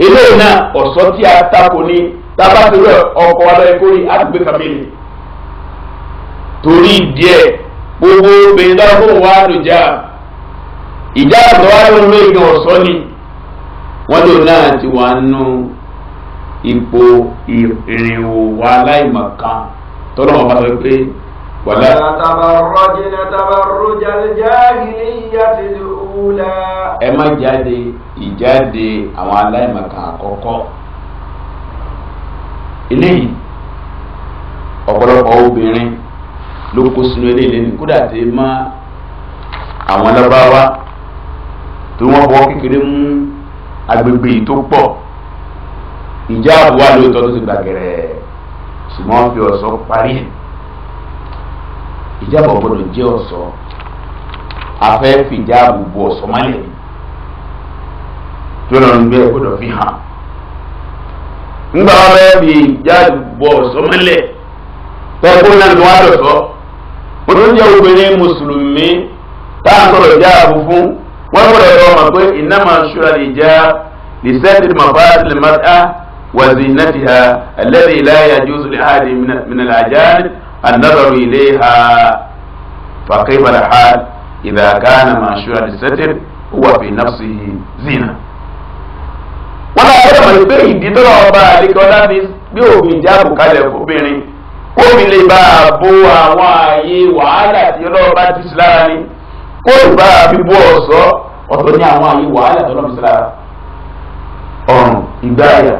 eléyìí náà ọ̀sọ́ tí a tako ní tábàtúrọ̀ ọkọ̀ wa lọ́yẹ̀ kórè àgbè kàmílì torí díẹ̀ gbogbo obìnrin tó fún wa lòjà ìjà àtọ̀ wa ló ń lé ìgbà ọ̀sọ́ ni wọ́n lò náà ti wà nù ipò ìrìnwó wa láìmọ̀kan tọ́lọ́ wọn bá sọ pé wàlá. àtàbà rọjìnà tàbà rọjà lè jáde ní ìyá tèlè o. رسولا اما جادي ìjáde àwọn aláìmọ̀kan àkọ́kọ́ eléyìí ọ̀pọ̀lọpọ̀ obìnrin ló kó sínú eléyìí lẹ́nu kódà tí má àwọn lọ́bàáwá tó wọ́n fọwọ́ kékeré mú agbègbè yìí tó pọ̀ ìjáàbù wà lóòótọ́ tó ti gbàgẹ̀rẹ̀ ṣùgbọ́n fi ọ̀ṣọ́ parí ìjáàbù ọ̀gbọ́dọ̀ jẹ́ ọ̀ṣọ́ afẹ́ fìjà àbùbù ọ̀sọ́málẹ̀ tó lọ́n gbé gbọ́dọ̀ fi hàn ńgbà wọn bẹ́ẹ̀ fi ìjà àbùbù ọ̀sọ́málẹ̀ tẹ́kùn náà ló wá lọ́sọ́ wọn tó jẹ́ obìnrin mùsùlùmí táà gbọ́dọ̀ já àbù fún wọn gbọ́dọ̀ lọ mọ̀ pé iná máa ń ṣúra lè já lè màbá lè má a wà zinatiha alladhi la yajuzu li ahadin min al-ajani an-nazaru ilayha fa kayfa al-hal إذا كان منشورا للستر هو في نفسه زنا wọ́n náà gbọ́dọ̀ mọ̀ pé ìdídọ́rọ̀ ọba àdékọ́lá fi gbé òfin ìjáàbù kalẹ̀ fóbìnrin kómi lè bá a bo àwọn ààyè wàhálà tí ọlọ́ọ̀bá ti sí lára ni kó bá a fi bó ọ̀ṣọ́ ọ̀tọ̀ ní àwọn ààyè wàhálà tí ọlọ́ọ̀bá ti sí lára ọrùn ìgbáyà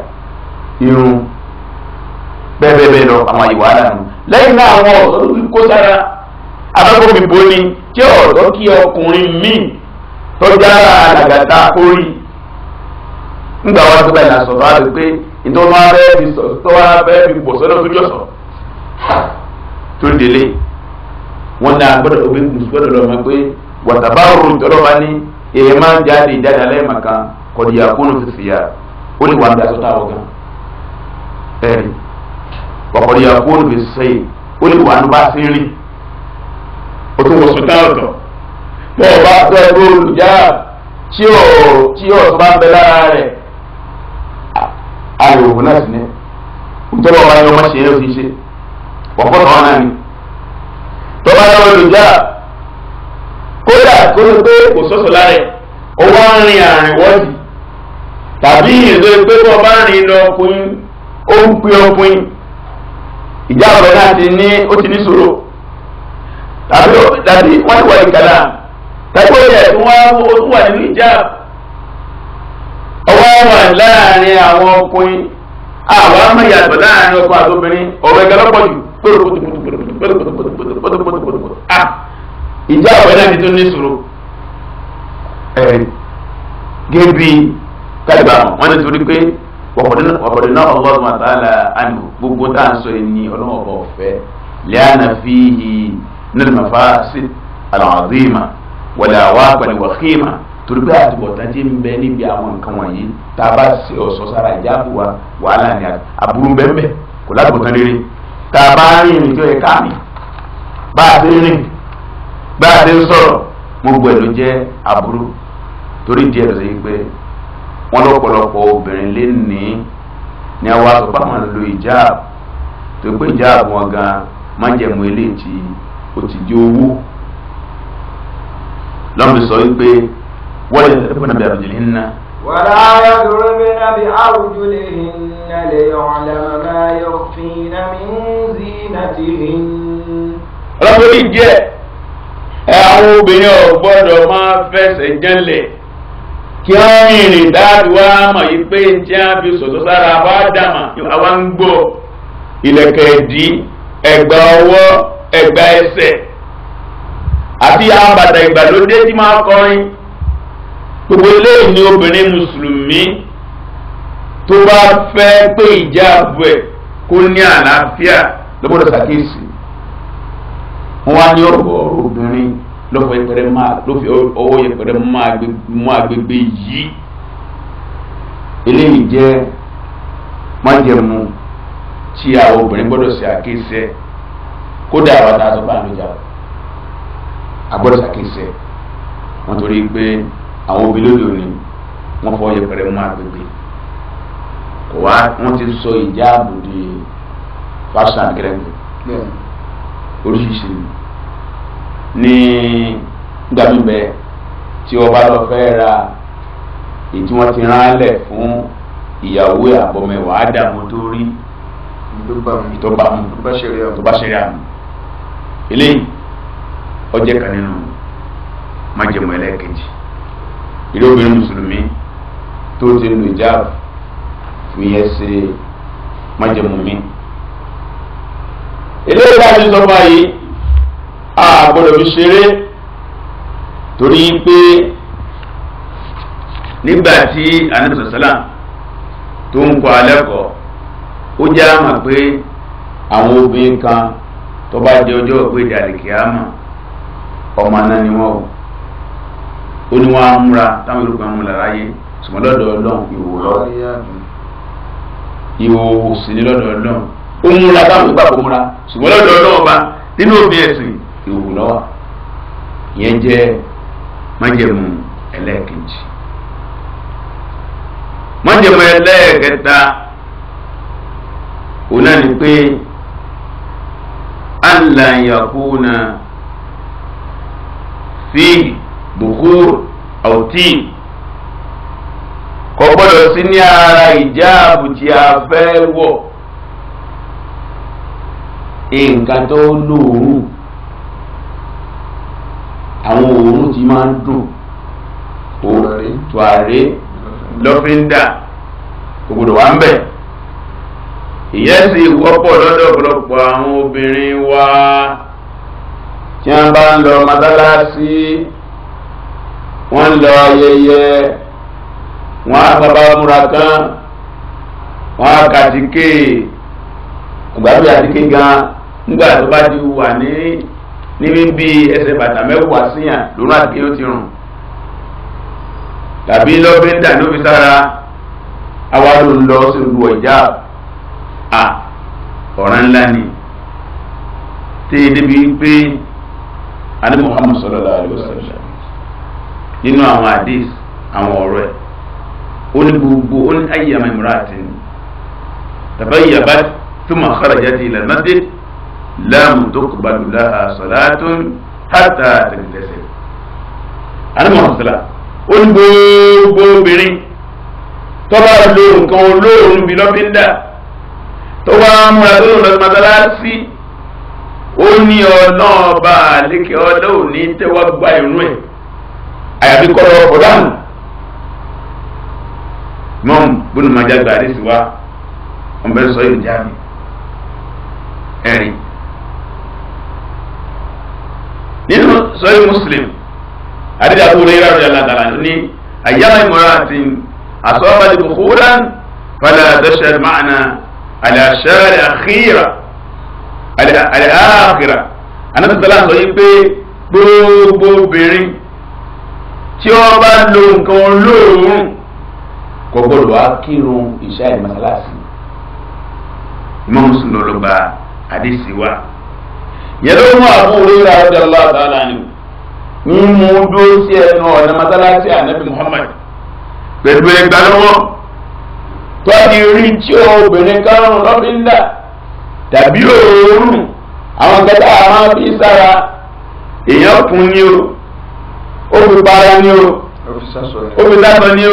abábòmìbò ni tí ọ̀rọ̀ kí ọkùnrin míì tó jára àdàgàtà orí ńgbà wá síbẹ̀ là sọ̀rọ̀ àti pé ìtọ́ máa fẹ́ fi sọ̀rọ̀ tó wá sọ́dọ̀ tó jọ tó délé wọn náà gbọ́dọ̀ òwe gbọ́dọ̀ lọ pé wàtàbá òrùn tọ́lọ́ bá ní èèyàn máa ń jáde ìjáde alẹ́ màkà kọ̀dìyà kúnnù fìfìyà ó ní wàá wàkọ̀dìyà fìfìyà ó ní wàá o tún wọ sùtá ọ̀tọ̀ tó o bá tó ẹgbẹ́ olùjá tí o tí o tó bá ń bẹ lára rẹ̀ ayòwò náà sì ní ìjọba ọba ni wọ́n ṣe é fi ṣe ọ̀pọ̀ kan náà ni tó bá yọ olùjá kódà kó ló pé kò sọ́sọ̀ lára ẹ̀ ó wá ń rin àrìn wọ́ọ̀dì tàbí ìlú pé kó o bá rìn lọ ọkùnrin ó ń pè ọkùnrin ìjà ọ̀rẹ́ náà ti ní ó ti ní sòro tàbí tàbí wọ́n ti wà ní kàlà tàbí ó yẹ kí wọ́n ó wà nínú ìjà ọwọ́ wà láàrin àwọn ọkùnrin àwọn amáyàtọ̀ láàrin ọkùnrin àti obìnrin ọ̀rọ̀ ẹ̀ka lọ́pọ̀ jù ìjà ọ̀rẹ́ náà ti tún ní sùúrù ẹ̀rí gébí kálíbà wọn ní sùúrù pé wàbọ̀dé náà ọlọ́run àtàlà àná gbogbo tá à ń sọ ẹni ọlọ́run ọ̀fẹ́ lẹ́yìn àná fi hì ní al-mafasid al-azima wala waqan wa khima torípé àtúbọ̀tán ti ń bẹ níbi àwọn nǹkan wọ̀nyí tá a bá ṣe ọ̀ṣọ́ sára ìjáàbù wa wàhálà ni àbúrú ń bẹ́ẹ̀ bẹ́ẹ̀ kò látúbọ̀tán rere tá a bá rìn ìrìn tó yẹ káàmì bá a ti rìn bá a ti sọ̀rọ̀ gbogbo ẹ̀ ló jẹ́ àbúrú torí díẹ̀ ló ṣe yí pé wọ́n lọ́pọ̀lọpọ̀ obìnrin lé ní ní àwọn àtúpàmọ́ lo ìjáàbù tó pé ìjáàbù wọn gan májẹ̀mú eléyìí ó ti di owó lọ́nà sọ wípé wọ́n lè tẹ́lẹ̀ fún abẹ́rẹ́ jìnnì ńnà. wàlá ayọ̀dúró bí nàbí àwùjọ lè hin nà lè yọ̀ọ̀lẹ̀ máa yọ̀ fi nà mí ń zi nà ti hin. ọlọ́pàá ní díẹ̀ ẹ àwọn obìnrin ò gbọ́dọ̀ máa fẹsẹ̀ jẹ́lẹ̀ kí wọ́n rìnrìn dáàbì mọ̀ yìí pé tí a fi sára wá dàmà àwa ń gbọ́ ilẹ̀kẹ̀ ẹ̀gbà ọwọ́ ẹ̀gbà ẹsẹ̀ àti àbàtà ìgbàlódé tí máa kọrin gbogbo eléyìí ni obìnrin mùsùlùmí tó bá fẹ́ pé ìjáàbù ẹ̀ kó ní àlàáfíà lọ́gbọ́dọ̀ ṣàkíyèsí wọn wá ní ọ̀rọ̀ obìnrin lọ́fọ̀ yẹpẹrẹ máa lọ́fọ̀ ọwọ́ yẹpẹrẹ máa mú agbègbè yìí eléyìí jẹ́ májẹ̀mú tí àwọn obìnrin gbọ́dọ̀ ṣe àkíyèsí ẹ̀ kódà àwọn tá a sọ bá mi jà àgbọ̀dọ̀ ṣàkíyèsí wọn torí pé àwọn òbí lóde òní wọn fọ yẹpẹrẹ mú agbègbè kò wá wọn ti sọ ìjà àbòdì fashion gírẹ́gì oríṣiríṣi ní gbàmíbẹ tí ọba lọ fẹ́ ra èyí tí ti rán lẹ̀ fún ìyàwó àbọ̀mẹ̀wá àdàmú tó rí tó bá ṣeré àmì eléyìí ọjẹ́ kan nínú májẹ̀mú ẹlẹ́ẹ̀kejì ilé obìnrin mùsùlùmí tó ti ń ìjáàbù fi yẹn ṣe májẹ̀mú mi. eléyìí bá ti sọ báyìí a gbọ́dọ̀ fi ṣeré torí pé nígbà tí anamísọ̀sálà tó ń kọ́ alẹ́ kọ́ ó jẹ́ àmà pé àwọn obìnrin kan tó bá di ọjọ́ òpè dàlìkìámà ọmọ aná ni wọ́n o ó ní wọ́n á múra táwọn olùkọ́ àwọn ọmọlára yé ṣùgbọ́n lọ́dọ̀ ọlọ́run ìwò lọ ìwò sì ni lọ́dọ̀ ọlọ́run ó múra táwọn olùkọ́ àpò múra ṣùgbọ́n lọ́dọ̀ ọlọ́run ọba nínú òbí ẹ̀sìn ìwò lọ́wọ́ ìyẹn jẹ́ májẹ̀mú ẹlẹ́ẹ̀kejì májẹ̀mú ẹlẹ́ẹ̀kẹta òun náà ni pé. لا يكون فيه بخور أو تين kò gbọ́dọ̀ sí ní ara ìjáàbù tí a fẹ́ wọ̀ nǹkan tó lóòrùn àwọn òórùn tí máa ń dùn òórùn tuare lọ́fíńdà kò gbọ́dọ̀ wà ń bẹ̀. ìyẹn sì wọ́pọ̀ lọ́dọ̀ ọ̀pọ̀lọpọ̀ àwọn obìnrin wa tí wọ́n bá ń lọ mọ́tálásí wọ́n ń lọ ayẹyẹ wọ́n á bàbá múra tán wọ́n á kàtíkè àtíkè gan nígbà tó bá wà ní níbi bí ẹsẹ̀ bàtà mẹ́wàá síyàn tàbí sára àwa ló a ọ̀ràn ńlá ni tí e débi pé adé Muhammad sallallahu alaihi wasallam nínú àwọn hadith àwọn ọ̀rọ̀ ẹ̀ ó ní gbogbo ó ní ayé àmà ìmúra àti ní tabayyabat thumma kharajat ila al-masjid lam tuqbalu laha salatun hatta tẹ̀lẹ́sẹ̀. adé Muhammad sallallahu ó ní gbogbo obìnrin tọ́ba lo nǹkan olóòórùn bí lọ́fíńdà tó wá múra tó lọ mọ́tálásí ó ní ọ̀nà ọba àlékè ọdọ òní tẹ́wọ́ gba irun ẹ̀ àyàfi kọ́rọ̀ ọ̀dánù mọ́m bónú máa jágbe àdéhùn wa wọ́n bẹ̀rẹ̀ sọ yóò jáde ẹ̀rìn nínú sọ́yìn muslim àdéhùn àbúrò yẹn rárá ládàlá ní àyàmọ̀ ìmọ̀ràn àti àsọ́ọ́bàdì kòkòrán fàlẹ́ àdéṣẹ́ máa náà àlàṣàrẹ àkírà àlàákìrà anásítọ́lá sọ yìí pé gbogbo obìnrin tí ó bá lo nǹkan olóòórùn kò gbọdọ̀ á kírun ìṣá ìmọ̀sálásì ìmọ̀ mùsùlùmí ló gba àdéṣì wa yẹn ló mú àbúrò rírà ọjà lọ́wọ́ àtàlà ni ń mú dúró sí ẹnu ọ̀nà mọ́sálásí ànábì Muhammad pẹ̀lú ẹgbàá lọ́wọ́. tọ́jú orí tí obìnrin kan ń dà tàbí òórùn àwọn kẹta àwọn fi sára èèyàn fún ni o ó fi para ni o ó fi dábọ̀ ni o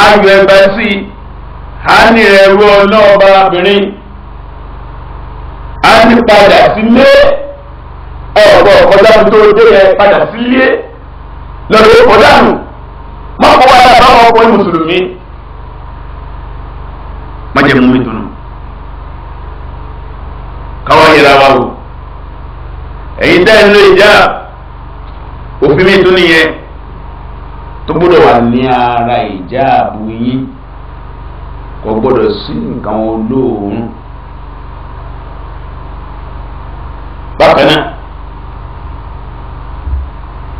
ayọ̀ ẹ̀bá sí i á ní ẹ̀rú ọlọ́ọ̀bá obìnrin á ní padà sílé ọ̀rọ̀ ọ̀dàrú tó dé padà sílé ọkùnrin májẹ̀mú mi dùnú káwọn yẹra wa wò ẹ̀yin tẹ́ ẹ̀ ń lo ìjà òfin mi dùn nìyẹn tó gbọ́dọ̀ wà ní ara ìjà àbú yín kò gbọ́dọ̀ sí nǹkan olóòórùn bákan náà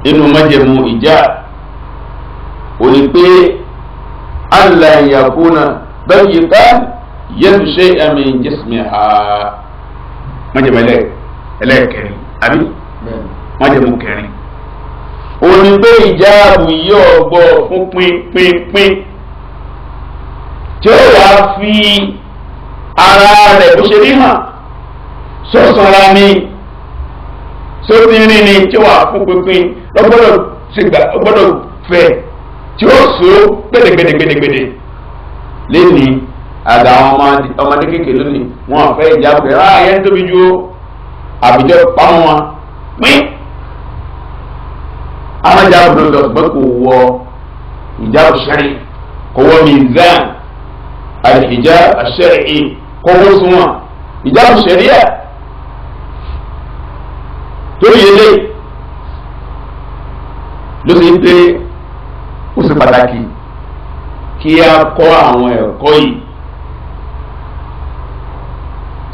nínú májẹ̀mú ìjà òní pé àlàyé dọ́yìká yẹ́nṣe ẹ̀mí jésìmí ha mọ̀jẹ̀mọ̀ ẹlẹ́ẹ̀kẹrin àbí mọ̀jẹ̀mọ̀ kẹrin. onígbé ìjà àbùyí ọ̀gbọ́ fún pínpínpín tí ó wàá fi ara rẹ̀ bó ṣe rí hàn sọ̀sọ̀ra ni sóbìnrin ni tí ó wàá fún pínpín lọ́gbọ́dọ̀ fẹ́ tí ó so gbẹ̀dẹ̀gbẹ̀dẹ̀gbẹ̀dẹ̀ lẹ́ni àgbà àwọn ọmọdé kékeré lónìí wọn àfẹ́ ìjábọ̀ ẹ̀rọ ayé ń tóbi ju àbíjọ pamọ́ wọn pín amájábọ̀ lọ́dọ̀ ṣùgbọ́n kò wọ ìjábọ̀ sẹ́rìn kò wọ mizan àìjà sẹ́rìn kò wọ́n sún wọn ìjábọ̀ sẹ́rìn tó yẹ lé kí a kọ́ àwọn ẹ̀kọ́ yìí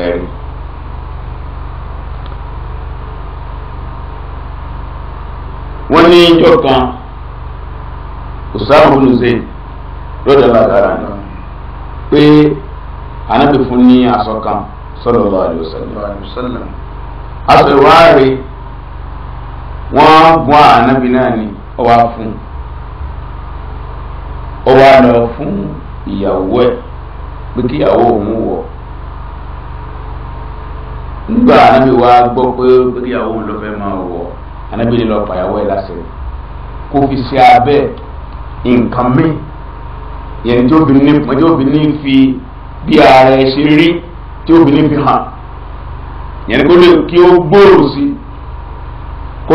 ẹ̀rí. wọ́n ní ìjọ kan Usama bin lọ́dọ̀ lágbára ni pé fún ní kan sallallahu alaihi wasallam aṣọ wọ́n bọ́ anábì náà ni ọwọ́ fún un. ó wá lọ fún ìyàwó ẹ̀ pé kíyàwó òun a nígbà anábì wa gbọ́ pé kíyàwó òun ló fẹ́ máa wọ̀ anábì lọ pàyàwó láṣẹ kó fi ṣe nǹkan mi tí obìnrin tí obìnrin fi bí ara ṣe rí tí obìnrin fi hàn kó lè kí ó gbòòrò sí kó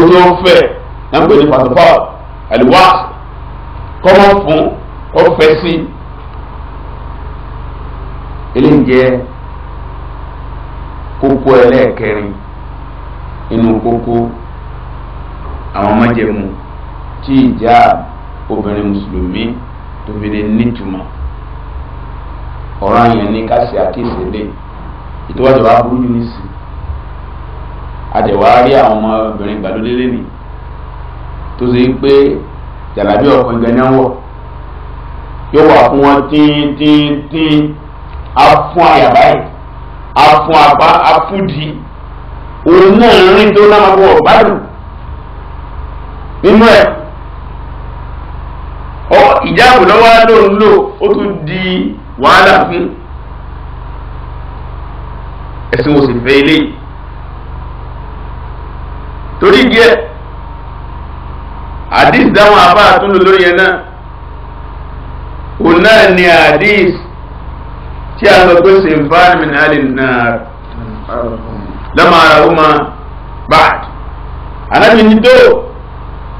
tó ó fẹ́ sí ilé ń jẹ́ kókó ẹlẹ́ẹ̀kẹrin inú kókó àwọn májẹ̀mú tí ìjà obìnrin mùsùlùmí tóbi fi nítumọ̀ ọ̀rọ̀ ní ká ṣe àkíyèsí lé ìtọ́wájú wa burú jù àwọn obìnrin tó ṣe pé jàlábí yóò wà fún wọn tíntíntín afún àyàbá yìí afún àbá afúdi òun náà rìn tó náà wọ ọ̀bádùn nínú ẹ̀ ọ ìjáàbù lọ́wọ́ ló ń lò ó tún di wàhálà fún ẹ̀sìn wo sì fẹ́ eléyìí torí díẹ̀ àdìs dáhùn àbá àtúndò lórí ẹ̀ náà náà ni hadith tí a lọ pé sinfani min alin náà lọ́mọ ara ó máa bad anábì ní tó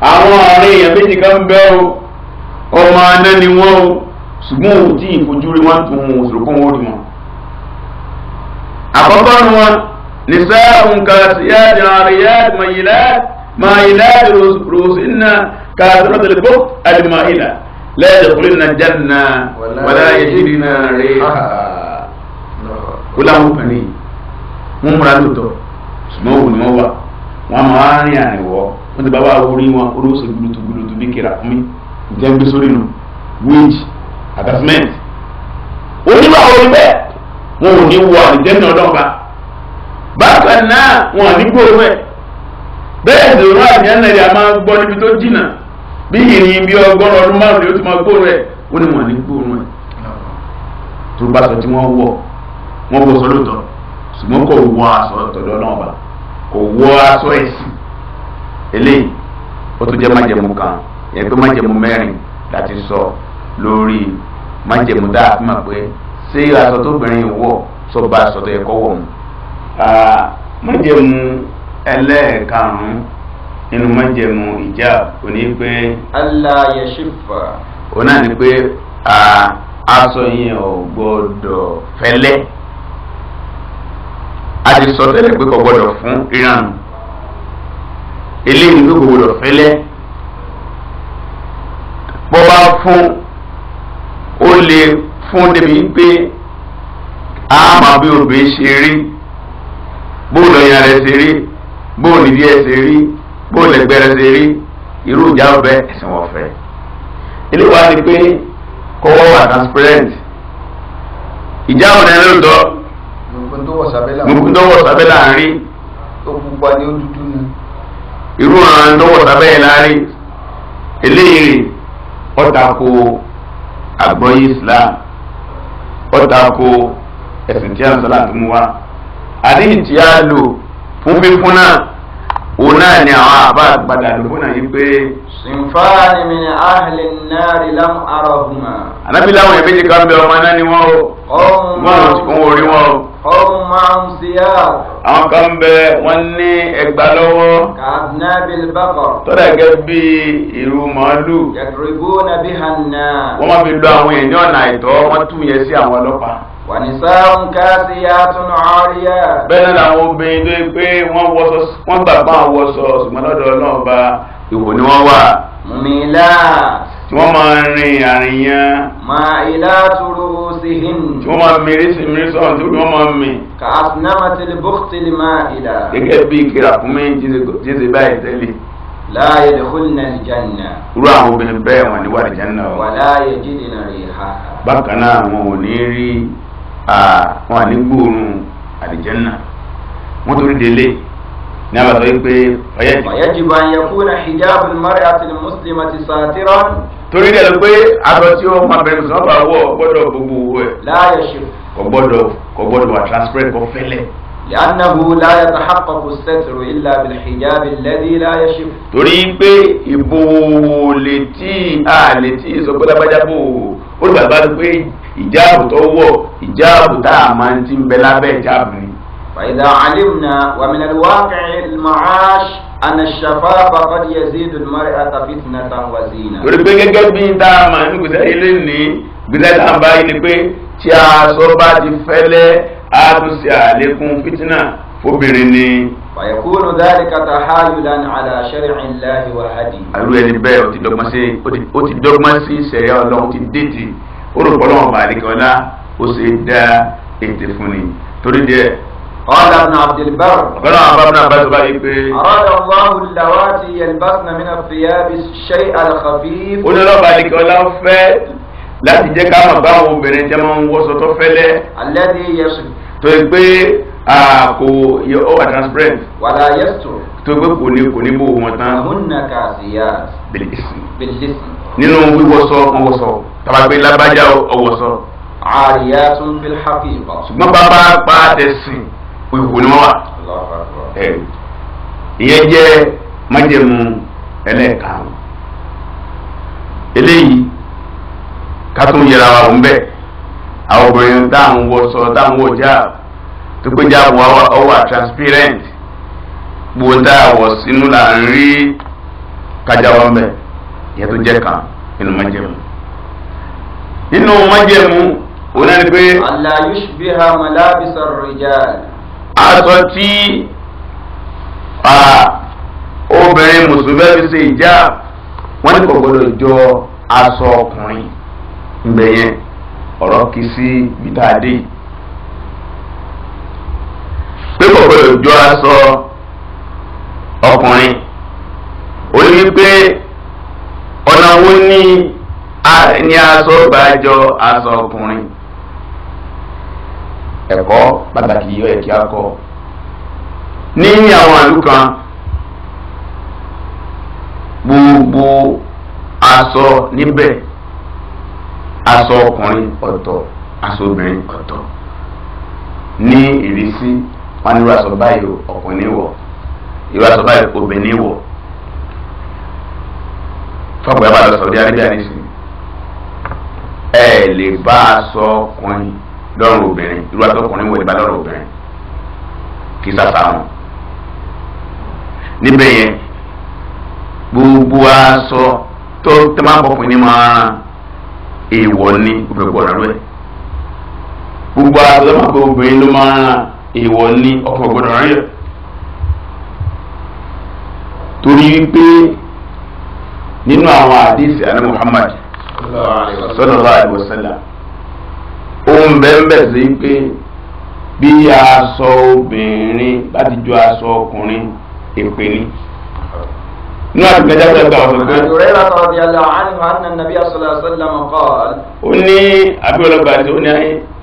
àwọn ọ̀rẹ́ èèyàn méjì kan bẹ́ o ọmọ aná ni wọ́n o ṣùgbọ́n ò tí ìfojú rí wọ́n tún wọn òṣèlú kún wọ́n rí wọn. àkọ́kọ́ ni wọn nisaa'un kaasiyat ariyat mayilat mayilat rusinna kaasirat al-buk al-ma'ilat lẹ́yìn kúlẹ̀ náà jẹ́nà wàlá ìṣírí náà rè é kó láwọn obìnrin wọn múra lóòótọ́ ṣùgbọ́n òun ni wọ́n wà wọ́n máa rìn àìwọ́ wọ́n ti bá wà orí wọn orí oṣù gbúlùtù gbúlùtù bí kìrà fún mi jẹ́ gbé sórí nu wíìjì àtàsímẹ́ǹtì onímọ̀ àwọn ibẹ̀ wọn ò ní wọ àdìjẹ́ náà dọ́gba bákan náà wọn ò ní gbóòórùn ẹ̀ bẹ́ẹ̀ sì rún àdìjẹ́ náà yà máa gbọ́ níbi tó jìnnà bí ìrìn bí ọgọ́rùn ọdún márùn ni ó ti máa gbóòrò ẹ̀ ni ní wọn ní gbóòrò ẹ̀ tó bá sọ tí wọ́n wọ̀ wọ́n bọ̀ sọ lóòótọ́ ṣùgbọ́n kò wọ aṣọ tọ̀dọ̀ náà bá kò wọ aṣọ ẹ̀sìn eléyìí ó tún jẹ́ májẹ̀mú kan pé májẹ̀mú mẹ́rin láti sọ lórí májẹ̀mú dáa fi ṣé aṣọ wọ̀ sọ bá aṣọ tó yẹ kọ́ wọ̀ mu. májẹ̀mú ẹlẹ́ẹ̀karùn nínú májẹ̀mú ìjà kò ní pé. Allah yẹ ṣèfà. òun náà ni pé aṣọ yẹn ò gbọ́dọ̀ fẹ́lẹ́ a ti sọ tẹ́lẹ̀ pé kò gbọ́dọ̀ fún ìrànù eléyìí pé kò gbọ́dọ̀ fẹ́lẹ́ bó bá fún ó lè fún débi pé a máa bí obìnrin ṣe rí bóòlù ọyàn rẹ ṣe rí bóòlù ìdí ẹ ṣe rí bó lè gbẹrẹ ṣe rí irú ìjà ọbẹ ẹsìn wọn fẹ ilé wa ni pé kọwọ wà transparent ìjà ọ̀nà ẹ lóòótọ́ gbogbo tó wọ̀ sábẹ́ láàrin irú ọ̀nà tó wọ̀ sábẹ́ yẹn láàrin eléyìí ọ̀tàkù àgbọ̀yé Islam ọ̀tàkù ẹ̀sìn tí a ń sọ láti mú wa àdéhìntì á lò fún fífún náà òun náà ni àwọn àbá àgbàdà lòmúnà yìí pé. sinfani min ahli nari lam arahuma. ànábì láwọn ẹ̀mí ti kan bẹ ọmọ náà ni wọ́n o. wọ́n ò rí wọn o. ọ̀hún máa ń ṣíyá. àwọn kan bẹ wọ́n ní ẹgbà lọ́wọ́. kàdínà bíi bàkọ̀. tọ́lá gẹ́gẹ́ bí ìrù màálù. yàtọ̀ ìbò nàbí hànà. wọ́n máa fi lu àwọn èèyàn náà àìtọ́ wọ́n tún yẹ sí àwọn ọlọ́pàá wànísàrún káàsìyàtún àríyá. bẹ́ẹ̀ làwọn obìnrin tó ń pé wọ́n wọṣọ wọ́n gbà pa àwọn wọṣọ ṣùgbọ́n lọ́dọ̀ náà bá ìwò ni wọ́n wà. mìlá. tí wọ́n máa rin àríyàn. máa ilá turu sí tí wọ́n máa mèrè sí mèrè sọ̀rọ̀ tí wọ́n máa mì. kàásìnámà tẹlẹ bókítẹlẹ máa ilà. gẹ́gẹ́ bí kìràkúnmí jíjẹ báyìí tẹ́lẹ̀ láàyè dèkúlìnà ìjànà. irú àwọn obìnrin bẹ́ẹ̀ wọ́n ní wà Ah, wọn ní gbóòórùn àlìjẹ́nà wọ́n torí délé ní abàtọ́ yìí pé ọ̀yẹ́ jù. ọ̀yẹ́ jù bá ń yẹ kó na hijab mari àti muslim àti sàtìrọ́. torí dẹ̀ ló pé aṣọ tí ó máa bẹ̀rẹ̀ sọ́ọ́ wọ̀ gbọ́dọ̀ gbogbo owó ẹ̀. láyé ṣe. kò gbọ́dọ̀ kò gbọ́dọ̀ wà transparent kò fẹ́lẹ̀. لأنه لا يتحقق الستر إلا بالحجاب الذي لا يشف torí pé ìbò lè tí a lè tí ìsọgbọ́dá bá jábò ó lè bàbá pé ìjáàbù tó wọ̀ ìjáàbù tá a máa ń ti ń bẹ lábẹ́ ìjáàbù ni. فإذا علمنا ومن الواقع المعاش أن الشفاف قد يزيد المرأة فتنة وزينة. torí pé gẹ́gẹ́ bí n tá a máa ń gbèsè ilé ní gbèsè tá a bá yìí ni pé tí aṣọ bá ti fẹ́lẹ́ á tún ṣe àlékún fìtínà fóbìnrin ni. فيكون ذلك تحايلا على شرع الله وهديه. àlùyẹ̀ ni bẹ́ẹ̀ ó ti dọ́gbọ́n sí ṣẹ̀yà ọlọ́run ti dé ti ó rò pọ́lọ́ wọn bàdìkọ́lá ó ṣe dá ètè fún ni torí díẹ̀. ọ̀dà ibn Abdul Barr. ọ̀gbọ́n àwọn bàbá náà bá tó báyìí pé. ọ̀dà Allahu lawati yalbasna min ath-thiyabi ash-shay'a al-khafif. ó ní ọlọ́ba àdìkọ́lá ń fẹ́ láti jẹ́ ká mọ̀ báwọn obìnrin jẹ́ máa ń wọ́sọ tó fẹ́lẹ́. alladhi yasir. tó yẹ nínú wíwọsọ ọwọsọ tàbá pé lágbájá ọwọsọ. àríyá tún bí hápì ìbá. ṣùgbọ́n bàbá pa àtẹ̀sìn ìwò ni wọ́n wà. ìyẹn jẹ́ májẹ̀mú ẹlẹ́ẹ̀karùn-ún. eléyìí ká tún yẹra wa ń bẹ̀ àwọn obìnrin tá à ń wọṣọ transparent gbòótà wọ̀ sínú là ń rí kájà ìyẹn tó jẹ́ kan nínú májẹ̀mú nínú májẹ̀mú òun náà ni pé. àlà yushbiha malabisa rijal. aṣọ tí obìnrin mùsùlùmí fi ṣe ìjà wọ́n ní kò gbọ́dọ̀ jọ aṣọ ọkùnrin ńbẹ̀yẹn ọ̀rọ̀ kì í sí bítàdé pé kò jọ aṣọ ọkùnrin ó ní pé. ọ̀nà wo ni ni aṣọ bá jọ aṣọ ọkùnrin ẹ̀kọ́ pàtàkì yọ ẹ̀kí akọ ní àwọn àlù kan gbogbo aṣọ níbẹ̀ aṣọ ọkùnrin ọ̀tọ̀ aṣọ obìnrin ọ̀tọ̀ ní ìrísí wọn ní irú aṣọ báyìí ọkùnrin wọ̀ irú aṣọ báyìí obìnrin wọ̀ tọkọ ẹ bá lọ sọdí arábíà nísìnyí ẹ lè bá a sọ ọkùnrin lọ́rùn obìnrin irú àtọkùnrin wọ̀ ẹ bá lọ́rùn obìnrin kì í sàṣà wọn. níbẹ̀ yẹn gbogbo aṣọ tó tẹ́ máa ń bọ̀kùn ní máa rán èèwọ̀ ní òpèpọ̀ rẹ̀ gbogbo aṣọ tó máa ń bọ̀ obìnrin ló máa èèwọ̀ ní ọkọ̀ gbọdọ̀ rẹ̀ torí wípé nínú àwọn àdìsí àná Muhammad sallallahu alaihi wasallam ohun bẹ́ẹ̀ sí pé bí aṣọ obìnrin bá ti ju aṣọ ọkùnrin èpè ni nínú àti gbẹdẹ fẹ gba ọsọ kan. àdúrà ìlà sọ̀rọ̀ bí alẹ́ àánú àánú nàbí àṣọlá sọ́lá mọ̀ kọ́. ó ní abíọ́lọ́gba àti ó ní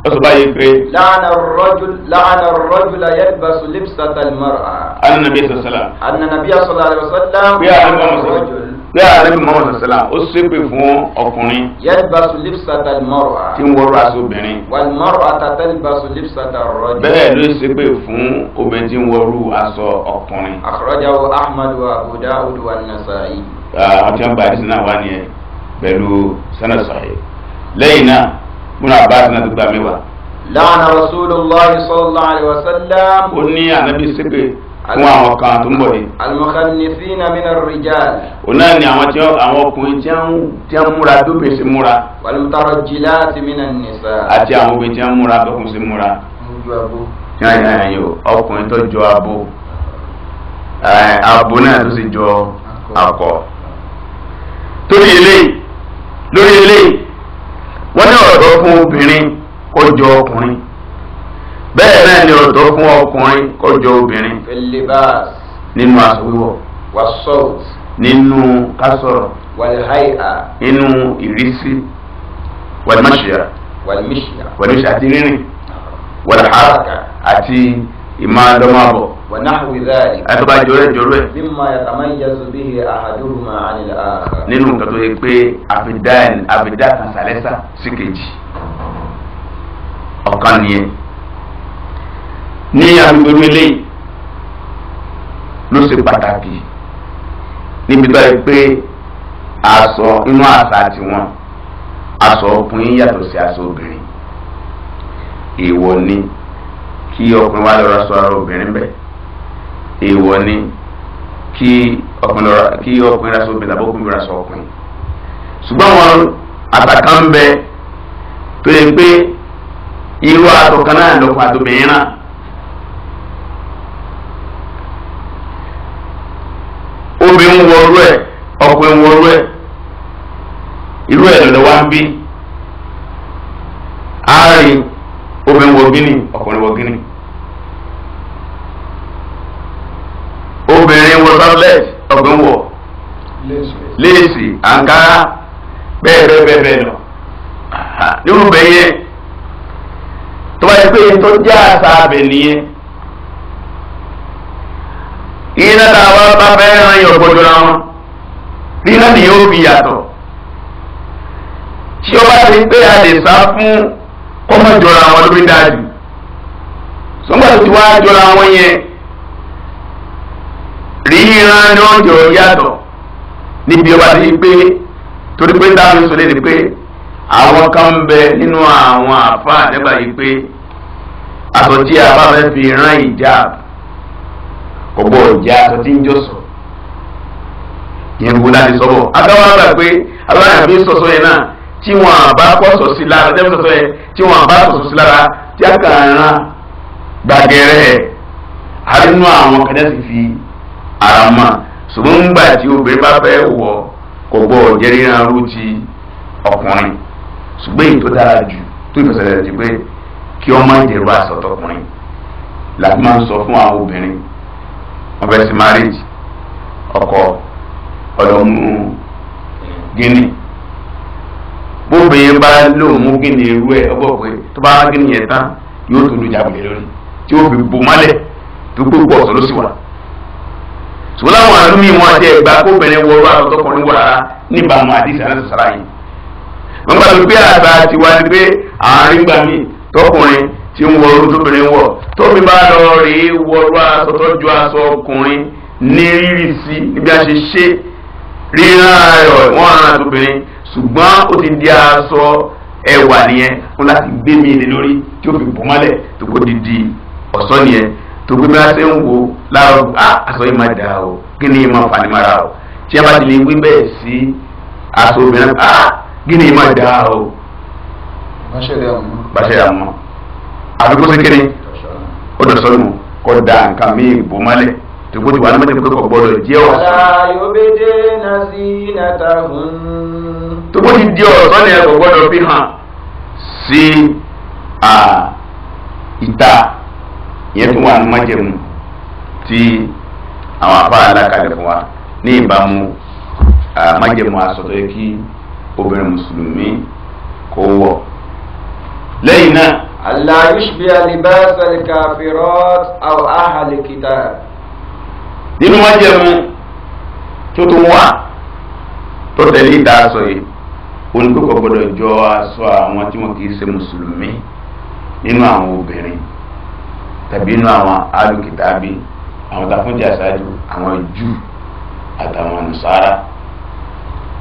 ọsọ báyìí pé. láàánà rọ́jù láàánà rọ́jù la yẹ bá sùn lípsà tàlmọ́ra. àánú nàbí àṣọlá. àánú nàbí àṣọlá rẹ̀ sọ́lá. bí àánú nàbí àṣọlá pé ààrẹ mọ́mọ́ sọ̀sọ́là ó ṣépè fún ọkùnrin. yalibasu lipsata mọ́rọ̀. tí ń wọ́rọ̀ aṣọ obìnrin. wàlí mọ́rọ̀ atatẹ́ libasu lipsata rọ́jì. bẹ́ẹ̀ ló ṣépè fún obìnrin tí ń wọ́rọ̀ aṣọ ọkùnrin. akhrajahu ahmad wa abu dawud wa nasa'i. àwọn tí wọ́n gba ẹ̀sìn náà wá ní ẹ pẹ̀lú sanad sahih. náà múra bá sinna tó gbà mí wá. la'ana rasulullah sallallahu fún àwọn kan tó ń bọ̀ yìí. al-mukhannisina min ar-rijal. òun náà ni àwọn tí àwọn ọkùnrin tí wọn tí wọn múra tó bẹ̀ sí múra. wal-mutarajjilati min an-nisa. àti àwọn obìnrin tí wọn múra tó kùn sí múra. tí wọn yàn yìí ọkùnrin tó jọ abo abo náà tó sì jọ akọ. torí eléyìí lórí eléyìí wọ́n ní ọ̀dọ́ fún obìnrin kó jọ ọkùnrin bẹ́ẹ̀ náà ni ò tó fún ọkùnrin kọjọ obìnrin. filibas. nínú aṣọ wíwọ̀. wasout. nínú kásọ̀rọ̀. walhaya. nínú ìrísí. walmashia. walmishia. walmishia àti rírìn. walharaka àti ìmáàdọ́mọ́bọ̀. wanahu dhalik. ẹ nínú nǹkan tó yẹ pé àfidá kan sàlẹ́sà sí kejì ọ̀kan nìyẹn ní agbègbè eléyìí ló ṣe pàtàkì níbi tó yẹ pé aṣọ inú àṣà tiwọn aṣọ ọkùnrin yàtọ̀ sí aṣọ obìnrin èèwọ̀ ni kí ọkùnrin wá lọ́ra sọ ara obìnrin bẹ́ẹ̀ èèwọ̀ ni kí ọkùnrin ra sọ obìnrin tàbí ọkùnrin ra sọ ọkùnrin ṣùgbọ́n àwọn àtàkà ń bẹ tó yẹ pé irú aṣọ kan náà lọ́kùnrin àti obìnrin náà. omi ń wọrú ẹ̀ ọ̀pẹ ń wọrú ẹ̀ irú ẹ̀ lọ́dọ̀ wá ń bí àárín omi ń wọ gíní ọkùnrin wọ gíní. obìnrin wọ sábẹ́ẹ̀tì ọ̀gbìn wọ léèsì àǹkárá bẹ́ẹ̀ bẹ́ẹ̀ bẹ́ẹ̀ bẹ́ẹ̀ lọ. nírú bẹ́ẹ̀ yẹn tó bá yẹ pé tó jẹ́ àṣà abẹ nìyẹn. iná tá a wá bá fẹ́ràn yọ̀ gbọdọ̀ ni o bi ato ti o ba ri pe a lè fún kọ́mọ̀jọra wọn lórí dájú sọ́gbà tí wàá jọra wọn yẹn ríran ni o jọ yàtọ̀ níbi ọba ti pé torí pé dáhùn sọ léde pé àwọn kan awon bẹ nínú àwọn àfa àdẹ́gbà ipe pé àtọ̀tí àbá fẹ́ fi rán ọgbọ ìjà aṣọ tí ń jọsùn ìrùbù láti sọ bọ agbáwá gbà pé aláwọ àbí sọsọ yẹn náà tí wọn àbá kọ sọsí lára tẹ́lẹ̀ sọsọ yẹn tí wọn àbá sọsí lára tí a kà ń rán gbàgẹ̀rẹ̀ àrínú àwọn kẹ́lẹ́sì fi ara mọ́ ṣùgbọ́n nígbà tí obìnrin bá fẹ́ wọ kò gbọ́ ọ̀jẹ́ ríran rú ti ọkùnrin ṣùgbọ́n èyí tó dára jù tó ìfẹsẹ̀lẹ̀ jù pé kí ọmọ ìdèrú àṣọ tọkùnrin làbí máa ń sọ fún àwọn obìnrin wọ́n fẹ́ marriage ọkọ ọlọ́mú gíní bóbìnrin bá lóun gíní irú ẹ̀ ọgbọ́n pé tó bá gíní yẹn tán yóò tún lu lórí tí ó fi bò mọ́lẹ̀ tó gbogbo ló sì wà láwọn wọn àti kóbìnrin wà níbàámu yìí gbàgbé pé àgbà pé àárín tí ń wọ orú tóbìnrin wọ̀ tóbi bá lọ rèé wọrú aṣọ tọ́jú aṣọ ọkùnrin ní rírì sí ibi a ṣe ṣe ríran ayọ̀ wọ́n ara tóbìnrin ṣùgbọ́n ó ti di aṣọ ẹwà nìyẹn fún láti gbé mi lé lórí tí ó fi bò mọ́lẹ̀ tó kó di di ọ̀sán nìyẹn tó gbé bí wọ́n ṣe ń wo láàrọ̀ ah, aṣọ yìí máa dà o kí ni máa fani mara o tí a bá ti lè wí bẹ́ẹ̀ sí aṣọ obìnrin ah, kí ni máa dà o. bá ṣe rẹ̀ àmọ́. bá ṣe rẹ̀ àmọ́ àbíkó sékéré ó dọ̀ sọ́nù kọ́ da nǹkan mi bò mọ́lẹ̀ tó kó ti wà lọ́mọdé pé kò gbọ́dọ̀ jẹ́ ọ̀. tó kó ti di ọ̀sán ni ẹ kò gbọ́dọ̀ fi hàn sí ìta yẹn tó wà ní tí àwọn afá alákàlẹ̀ fún wa ní ìbámu májẹ̀mú aṣọ yẹ kí obìnrin mùsùlùmí kó wọ̀ lẹ́yìn náà. alayushbi alibasa kafirot aw ahali kitab. nínú wọn jẹun tuntun wa tó tẹ̀lé ìdásọ yìí oníkókò gbọdọ̀ jọ aṣọ àwọn tí wọn kì í ṣe mùsùlùmí nínú àwọn obìnrin tàbí nínú àwọn alùkìtàbí àwọn tàfúnjì àṣáájú àwọn jù àtàwọn nùsárà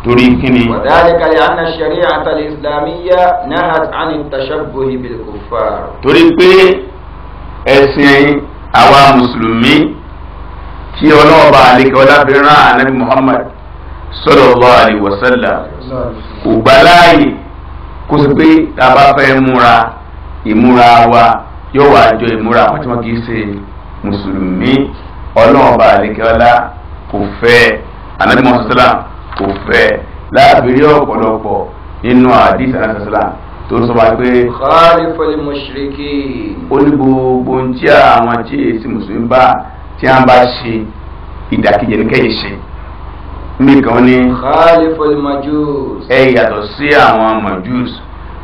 torí kíni. wàdálíkà lè ana sharia àtàlẹ̀ islamiyya náà àni tashabbuhi bil kuffar. torí pé ẹ̀sìn àwa mùsùlùmí tí ọlọ́ọ̀bà àlekẹ́ ọlábìnrin anabi muhammad sallallahu alaihi wasallam kò gbà láàyè kó sì pé tá a bá fẹ́ múra ìmúra wa yóò wá jọ ìmúra àwọn kì í ṣe mùsùlùmí ọlọ́ọ̀bà àlekẹ́ ọlá kò fẹ́ anabi muhammad sallallahu kò fẹ́ láàbìrí ọ̀pọ̀lọpọ̀ nínú àdìsí àṣàṣàlá tó sọ wá pé. kọ́lí fọlí mọ̀ṣíríkì. ó ní gbogbo ń tí àwọn tí èsì mùsùlùmí bá tí wọ́n bá ṣe ìdàkejì ní ṣe níbi kan ní. kọ́lí fọlí majus. ẹ yàtọ̀ sí àwọn majus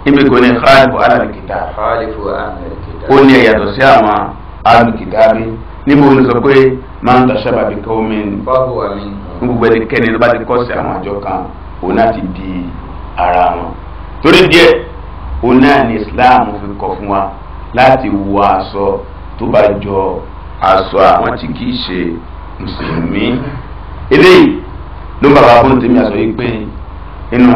níbi kan ní kọ́lí fọ alàlùkìtà. kọ́lí fọ alàlùkìtà. ó ní ẹ yàtọ̀ sí àwọn alàlùkìtà bí níbo ni sọ pé máa ń tàṣàbàbí kọ́ mi. fọ́ọ̀bù wa mi ní gbogbo ẹnikẹ́ni ló bá ti kọ́sí àwọn àjọ kan òun náà ti di ara wọn torí díẹ̀ òun náà ni Islam fi kọ̀ fún wa láti wọ aṣọ tó bá jọ aṣọ àwọn tí kì í ṣe mùsùlùmí eléyìí ló bàbá fún tèmi àṣọ yìí pé nínú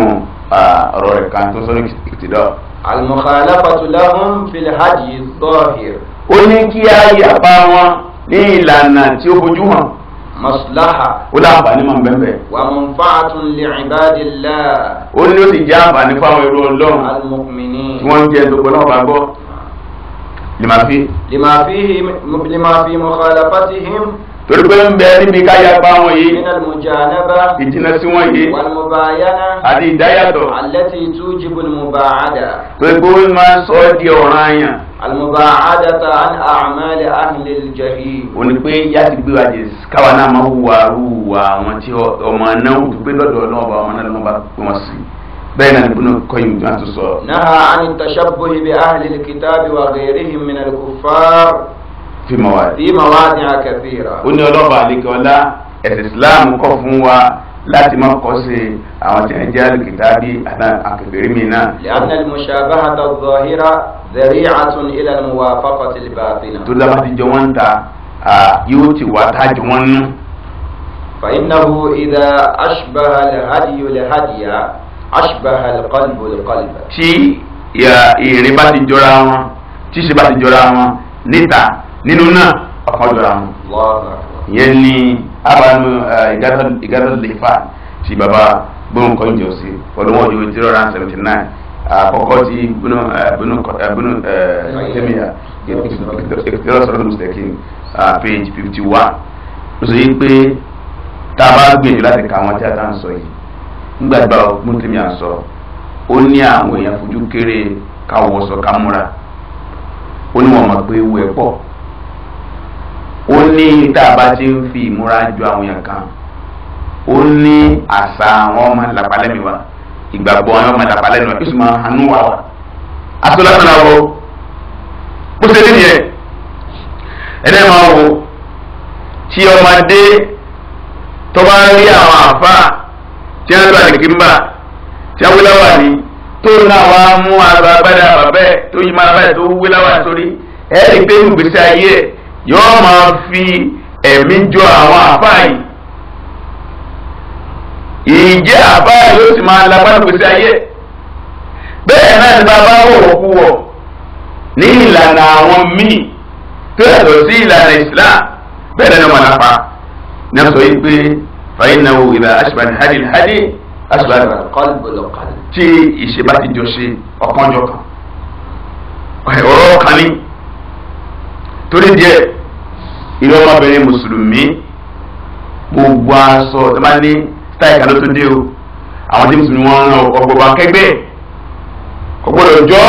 ọ̀rọ̀ rẹ̀ kan tó sọ́nà ìtìdọ́. al-mukhalafatu lahum fil hadyi zahir. ó ní kí á yàgbá wọn ní ìlànà tí ó fojú hàn maslaha ó lá àǹfààní mọ̀ bẹ́ẹ̀. wà á mún fàtún lè ibadillah. ó ní ó sì jẹ́ àǹfààní fáwọn ẹrú ọlọ́run. al-mu'minin. tí wọ́n ń jẹ́ ẹ̀dọ́gbọ́n náà bá gbọ́. lima fi. torí pé ń bẹ níbi káyà pa wọn yìí ìjìnà sí wọn yìí àti ìdáyàtọ̀ torí pé wọ́n máa ma sọ di ọ̀ràn àyàn. taa an amali ahli aljahim. ó ni pé yáàtì gbé wa jẹ káwa náà máa wùwà wùwà àwọn tí ọmọ náà wù pé lọ́dọ̀ ọmọ náà sí bẹ́ẹ̀ náà kọ́yìn tó sọ. an wa fi mawadi. fi mawadi akẹ́sìrà. ó ní ọlọ́ba àlekọ́lá ẹ̀sìn islam kọ́ fún wa láti máa kọ́ sí àwọn tí wọ́n jẹ́ alùkìtàbí àkèbèrè mi náà. lẹ́yìn al-mushabahata adh-dhahira dhari'atun ila al-muwafaqati al-batina. tó dábàá ti jọ wọ́n ta yóò ti wá tájú wọn nù. فإنه إذا أشبه الهدي الهدي أشبه القلب القلب tí ìrìn bá ti jọra wọn tí ìṣe bá ti jọra wọn níta nínú náà ọkàn eh, jọra wọn ni abanu ti baba gbóǹkan jọ sí ọdún zero round seventy nine àkọ́kọ́ tí bunu bunu bunu mùsùlùmí page fifty one ó pé tá a bá gbìyànjú láti ka àwọn tí a ta ń sọ yìí nígbà tí bàbá gbóǹkan tẹ́míyà sọ ó ní àwọn èèyàn fojú kéré ó ní tá a bá ti ń fi ìmúra ju àwọn èèyàn kan ó ní àṣà àwọn ọmọ làpálẹ́mi wa ìgbàgbọ́ àwọn ọmọ làpálẹ́mi wa ìsúnmọ́ àánú wa wa asọ́lásọ́lá wo bó ṣe nínú yẹn ẹ̀dẹ́ máa wo tí ọmọdé tó bá rí àwọn àfáà tí wọ́n lọ àdìgínbà tí wọ́n wíláwà ní tó náà wá mú àgbà bàdà tó yí máa bàdà tó wíláwà sórí ẹ̀ẹ́dì pé ìgbésí ayé ẹ̀ yóò máa fi ẹ̀mí jọ àwọn àfáàyè ìjẹ́ àfáàyè yóò sì máa lágbára gbèsè ayé bẹ́ẹ̀ náà ni bàbá wọ̀ kú wọ̀ ní ìlànà àwọn míì tó yàtọ̀ sí ìlànà Islam bẹ́ẹ̀ náà ni wọ́n lápá ní wọ́n sọ yìí pé fàyínà wo ìlà aṣùpá ní hadi hadi aṣùpá ní kọ́lùbọ̀lọ̀kọ́lù tí ìṣe ti jọ ṣe ọ̀kanjọ̀kan ọ̀rọ̀ kan ní. torí díẹ̀ ìlú ọmọbìnrin mùsùlùmí gbogbo aṣọ tó bá ní táì kan ló tó dé o àwọn tí mùsùlùmí wọn ràn ọgbọgbọ akẹgbẹ́ ọgbọ́dọ̀ jọ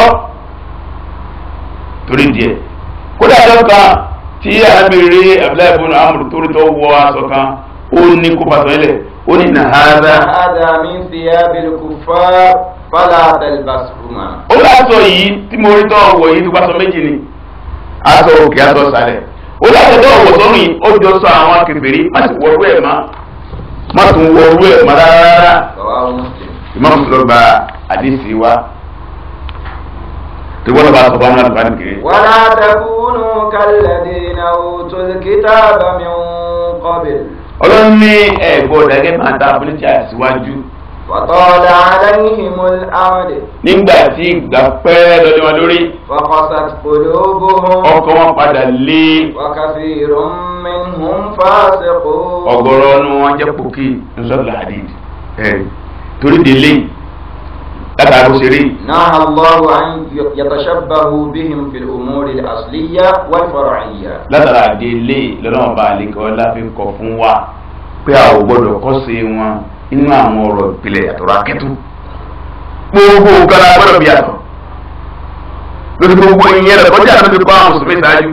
torí díẹ̀ kódà tí abdullahi kan ó ní kó pàtó ẹlẹ̀ ó ní nàhádà. nàhádà mi ń ó bá sọ yìí tí mo rí Aso òkè aṣọ sàlẹ̀ ó lọ́sọ̀tọ̀ ọ̀wọ̀ sọ́run yìí ó jọ sọ àwọn akẹfẹ̀rí má sì wọ orú ẹ̀ má má tún wọ orú ẹ̀ má rárá ìmọ̀mù tó lọ gba àdìsí wa tí wọ́n lọ bá sọ fún amúnátùbá nìkiri. wàlá takunu kalladina utul kitaba min qabl. ọlọ́run ní ẹ̀gbọ́n dàgẹ́ máa ta abúlé Wàtọ́lá aláìhìmú àwọ̀dẹ̀. Nígbà tí ìgbà pẹ́ lọ́dẹ wọn lórí. Wàkọ̀sà polówó. Ọkọ̀ wọn padà lé. Wàkàfí ìrọ̀mìnhùn fásikò. Ọ̀gọ̀rọ̀ ọ̀nù wọn jẹ́ pòkì nzọ́lá àdìd. Torí délé látara bó ṣe rí. Náà Allahu an yatashabbahu bihim fil umuri al-asliya wal far'iyya. Látara délé lọ́dọ̀ wọn bá àlekọ́ láfi kọ̀ fún wa pé a gbọ́dọ̀ kọ́ sí wọn inú àwọn ọ̀rọ̀ ìpìlẹ̀ àtọ̀rọ̀ akẹ́tù gbogbo gara gbọ́dọ̀ bí àtọ̀ lórí gbogbo ìyẹn rẹ̀ kọjá tó ti kọ́ àwọn mùsùlùmí ṣáájú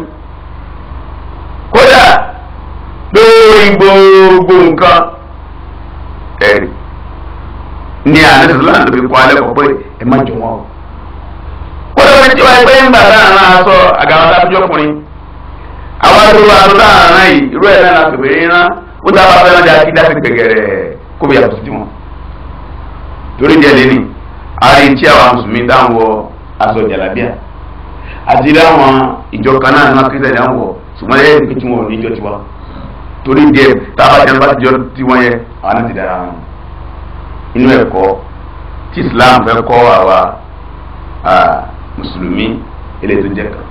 kódà lórí gbogbo nǹkan ẹ̀rì ní àná tó lánàá tó fi kọ́ alẹ́ kọ́ pé ẹ má jọ wọn o kódà wọn ti wá pé ń bàrà àrà aṣọ àgàwọn adájọ́ ọkùnrin àwọn arúgbó aṣọ dáhàrá yìí irú ẹ̀ náà láti pè é rán ó dábàá fẹ́ràn jẹ́ akídá sí gbẹ̀gẹ̀rẹ̀ kó bẹ yàtọ̀ sí wọn torí díẹ̀ lé ní àárín tí àwọn mùsùlùmí dáhùn wọ aṣọ jàlábíà àti láwọn ìjọ kan náà náà kírísítẹ̀ dáhùn wọ ṣùgbọ́n ẹ̀ ẹ́ tí wọn ò ní jọ tiwa torí díẹ̀ tábà jẹ́ bá ti jọ tiwọn yẹ àwọn náà ti dára wọn inú ẹ̀kọ́ tí Islam fẹ́ kọ́ àwa mùsùlùmí eléyìí tó jẹ́ kan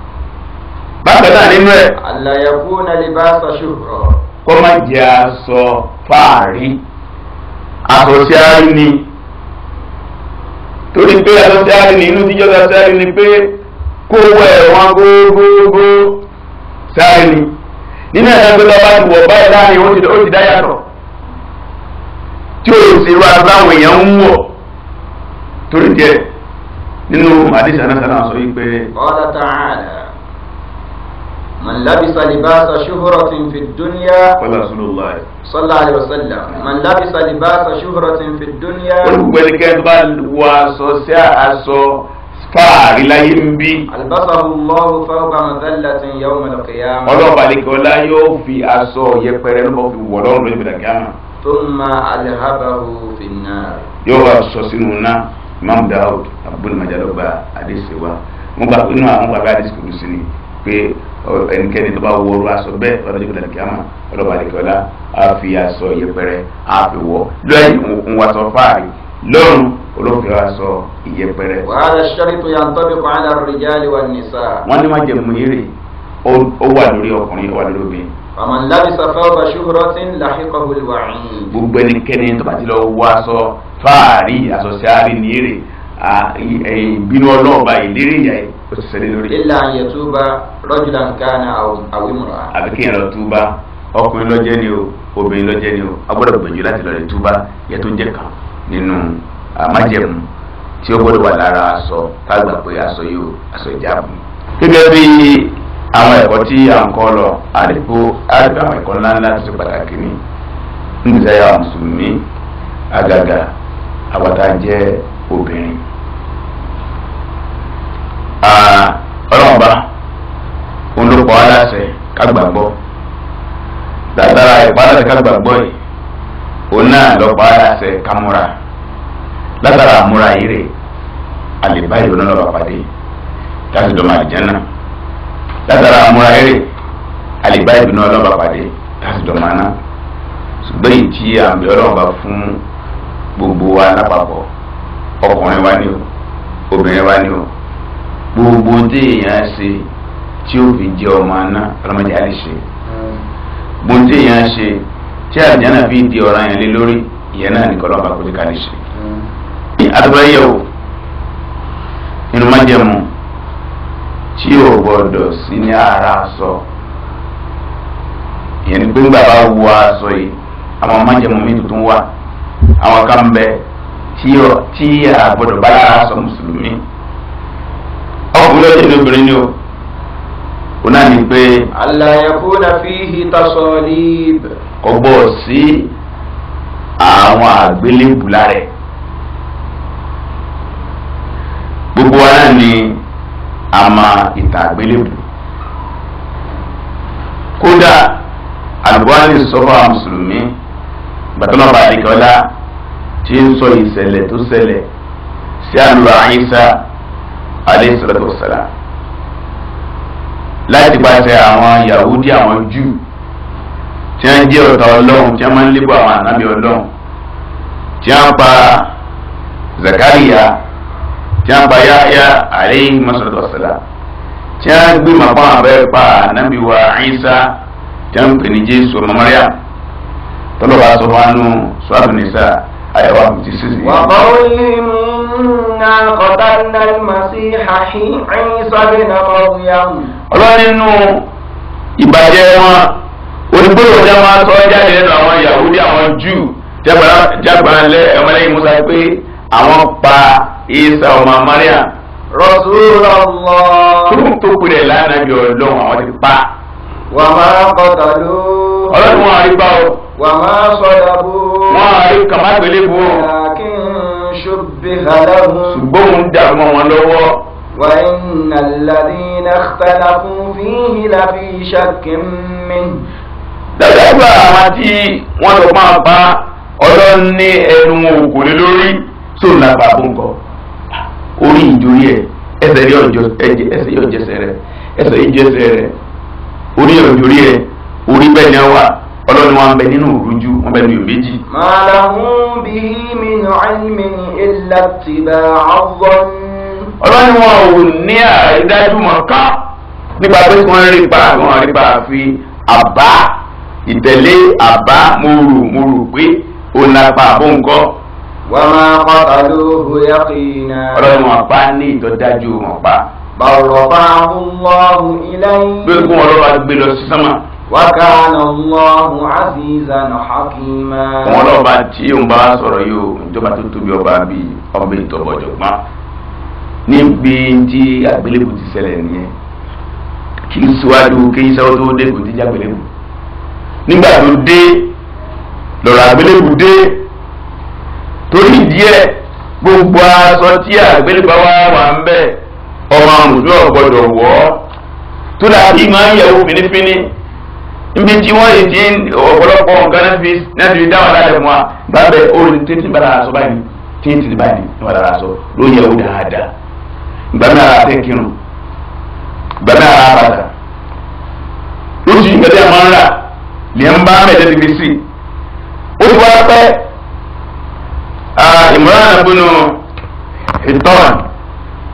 bákan náà nínú ẹ̀. àlàyé kú nàlẹ́ bá aṣọ ṣòro. kọ́ jẹ́ aṣọ fáàrí àbọ̀síárì ni torí pé àbọ̀síárì ni inú tíjọ́ àbọ̀síárì ni pé kó wọ ẹ̀wọ̀n gógógó sáré ni nínú ẹ̀dá tó lọ́ba ti wọ̀ báyìí láàrin ó ti dá yàtọ̀ tí o sì wá láwọn èèyàn ń wọ̀ torí díẹ̀ nínú àdìsí àná sọ yìí pé. ọ̀dà tàn án. من لبس لباس شهرة في الدنيا رسول الله صلى الله عليه وسلم من لبس لباس شهرة في الدنيا ولكن بل وصوصا أصو fáàrí láyé ń bí. albasahu Allahu fawqa madhallatin yawm al-qiyamah. ọlọ́ọ̀bà lè kọ́ la yóò fi aṣọ yẹpẹrẹ lọ́wọ́ fi wọ̀ lọ́rùn lórí ìbẹ̀rẹ̀ kíámà. thumma alhabahu fin-nar. yóò wá sọ sínú náà imam Dawud abdul majalogba adesiwa wọn gbà pé inú àwọn gbàgbé adesiwa kò sí ni pé ẹnikẹ́ni tó bá wọrú aṣọ bẹ́ẹ̀ ọ̀rọ̀ yóò dàdí kíámà ọlọ́ba àdìkọ́lá á fi aṣọ ìyẹpẹrẹ á fi wọ̀ lọ́yìn òun wa sọ fáàrí lọ́rùn olófin wa sọ ìyẹpẹrẹ. wàhálà sọ́rí tó yàn tọ́bi kọ́ àlà rìjálì wà nìsà. wọ́n ní máa jẹ̀mú eré ó wà lórí ọkùnrin ó wà lórí obìnrin. àmọ́ lábìsà fáwọn ṣùgbọ́n làhíkọ́ gbogbo ẹnikẹ́ni tó bá ti lọ wọ aṣọ fáàrí aṣọ Ah, ìbínú ọlọ́ọ̀ba ìlérí ìyá ẹ̀ ó ti ṣẹlẹ̀ lórí. ilà ayẹ túbà rọ́jùlá nǹkan ní àwímọ̀ra. àbí kí ẹ lọ túbà ọkùnrin lọ́jẹ́ ni o obìnrin lọ́jẹ́ ni o a gbọ́dọ̀ gbìyànjú láti lọ rẹ̀ túbà yẹ tó ń jẹ kan nínú àmájẹ̀mú ah, tí ó gbọ́dọ̀ wà lára aṣọ tágbà pé aṣọ yóò aṣọ ìjáàbù. gẹ́gẹ́ bí àwọn ẹ̀kọ́ tí à ń kọ́ lọ àdìpó àgbà àwọn ẹ̀kọ́ ńláńlá tó ṣe pàtàkì ní ọlọ́mọba olùkọ́ aláṣẹ kágbàgbọ́ látara ìpàdásẹ kágbàgbọ́ yìí òun náà lọ́pàá aláṣẹ kámúra látara àmúra ire àlèbá ìlú náà lọ́pàá pàdé láti dọ́mọ àlìjánná látara àmúra ire àlèbá ìlú náà lọ́pàá pàdé láti dọ́mọ àná ṣùgbọ́n èyí tí àmì ọlọ́mọba fún gbogbo wa lápapọ̀ ọkùnrin wa ni o obìnrin wa ni o gbogbo tí èèyàn ṣe tí ó fi jẹ ọmọ aná ọlọmọdé á lè ṣe gbogbo tí èèyàn ṣe tí àbíyàn náà fi di ọ̀ràn yẹn lé lórí ìyẹn náà ní kọlọ́ọ̀bá kó ti ká lè ṣe. àtúbọ̀rẹ́ yẹ̀ wò nínú májẹ̀mú tí ò gbọ́dọ̀ sí ní ara sọ ìyẹn ní gbígbà bá wo aṣọ yìí àwọn májẹ̀mú mi tuntun wà àwọn kan bẹ tí a bá lára sọ mùsùlùmí ọkùnrin lọ́jọ́ ní obìnrin ni o òun náà ní pé. àlàyékúnà fíhì tasọ̀ níb. ọgbọ́ sí àwọn àgbélébù lára ẹ̀ gbogbo wa náà ni a máa ìtàn àgbélébù kódà àlùbọ́nì sọ́fà mùsùlùmí gbàtọ́nà bàdìkọ́lá tí ń sọ ìṣẹ̀lẹ̀ tó ṣẹlẹ̀ sí àlùbọ́ àyíṣà alayhi salatu wassalam láti pàṣẹ àwọn yahudi àwọn júù tí wọ́n jẹ́ ọ̀tá ọlọ́run tí wọ́n máa ń lébọ̀ àwọn ànábì ọlọ́run tí wọ́n pa zakariya tí wọ́n pa yáyá alayhi masalatu wassalam tí wọ́n gbé màpá àbẹ́ pa ànábì wa Isa tí wọ́n pè ní jésù ọmọ Maryam tọ́lọ́ba sọ fún anú sọ́àbù nìsa àyẹ̀wò àwọn ti sísè. wà á lè mú nà kọ́tà nà màsí àhí ẹ̀yìnsọ́bì nà mọ́wíyàmù. ọlọ́run nínú ìbàjẹ́ wọn onígbòrò jẹ́ wọn sọ jáde nínú àwọn Yahudi àwọn Júù jágbára lẹ́ Musa pé àwọn pa Isa ọmọ Mariam rọ́sùlọ́lọ́. tóun tó kulẹ̀ lánàá jọ lọ́wọ́ àwọn ti pa. wàhálà kọ́tà ló. ọlọ́run wọn àrígbá o wàmà sọdàbò. máa rí kàmá gbélé bò. kí n ṣubbi halamu. ṣùgbọ́n mo ń dààmú wọn lọ́wọ́. وإن الذين اختلفوا فيه لفي شك منه dàgbà àwọn tí wọn lọ máa bá ọlọ́run ní ẹnu òkò lé lórí tó là bá bọ́ǹkọ orí ìjòyè ẹ ẹsẹ̀ rí ọjọ́ ẹsẹ̀ yóò jẹsẹ̀ rẹ ẹsẹ̀ yóò jẹsẹ̀ rẹ orí ọjọ́ rí ẹ orí bẹ́ẹ̀ ni wà ọlọ́ni wọn bẹ nínú òrújú wọn bẹ nínú méjì. màlàhùn bíi min ilmin illa ittiba'a dhann. ọlọ́ni wọn ò ní àrídájú mọ̀ ká nípa pé wọ́n rí pa àwọn àrípa àfi àbá ìtẹ̀lé àbá mòrò mòrò pé òun la pa àbó nǹkan. wa ma qataluhu yaqina. ọlọ́ni wọn pa ní ìtọ́jájú wọn pa. bal rafa'ahu Allahu ilayhi. gbẹ́gun ọlọ́wà gbé lọ sí sánmà wákàánà Allahu azizan hakima. bá tí òun bá sọ̀rọ̀ yìí o tó tóbi ọba bíi ọba ìtọ̀bọ̀jọ̀gbọ́n níbi tí àgbélébù ti ṣẹlẹ̀ nìyẹn kí n síwájú kí n sáwọ́ tó dé kò ti já àgbélébù nígbà tó dé lọ́rọ̀ àgbélébù dé torí díẹ̀ gbogbo aṣọ tí àgbélébù wa wà ń bẹ̀ ọmọ àmùsùn ọ̀gbọ́dọ̀ wọ̀ ọ́ tó dàbí máa ń yẹ̀wò fínífíní. ibi tí wọ́n yìí ti ń ọ̀pọ̀lọpọ̀ nǹkan náà fi dáwọ̀ láti mú wa bábẹ́ orin tí tí bára aṣọ báyìí tí tí báyìí tí bára aṣọ ló yẹ wò dáadáa gbàmí ara tẹ kírun gbàmí ara bàtà lóṣù ìgbẹ́dẹ́ máa ń rà lè bá mẹ́tẹ́ ti fi sí i ó ìtọ́n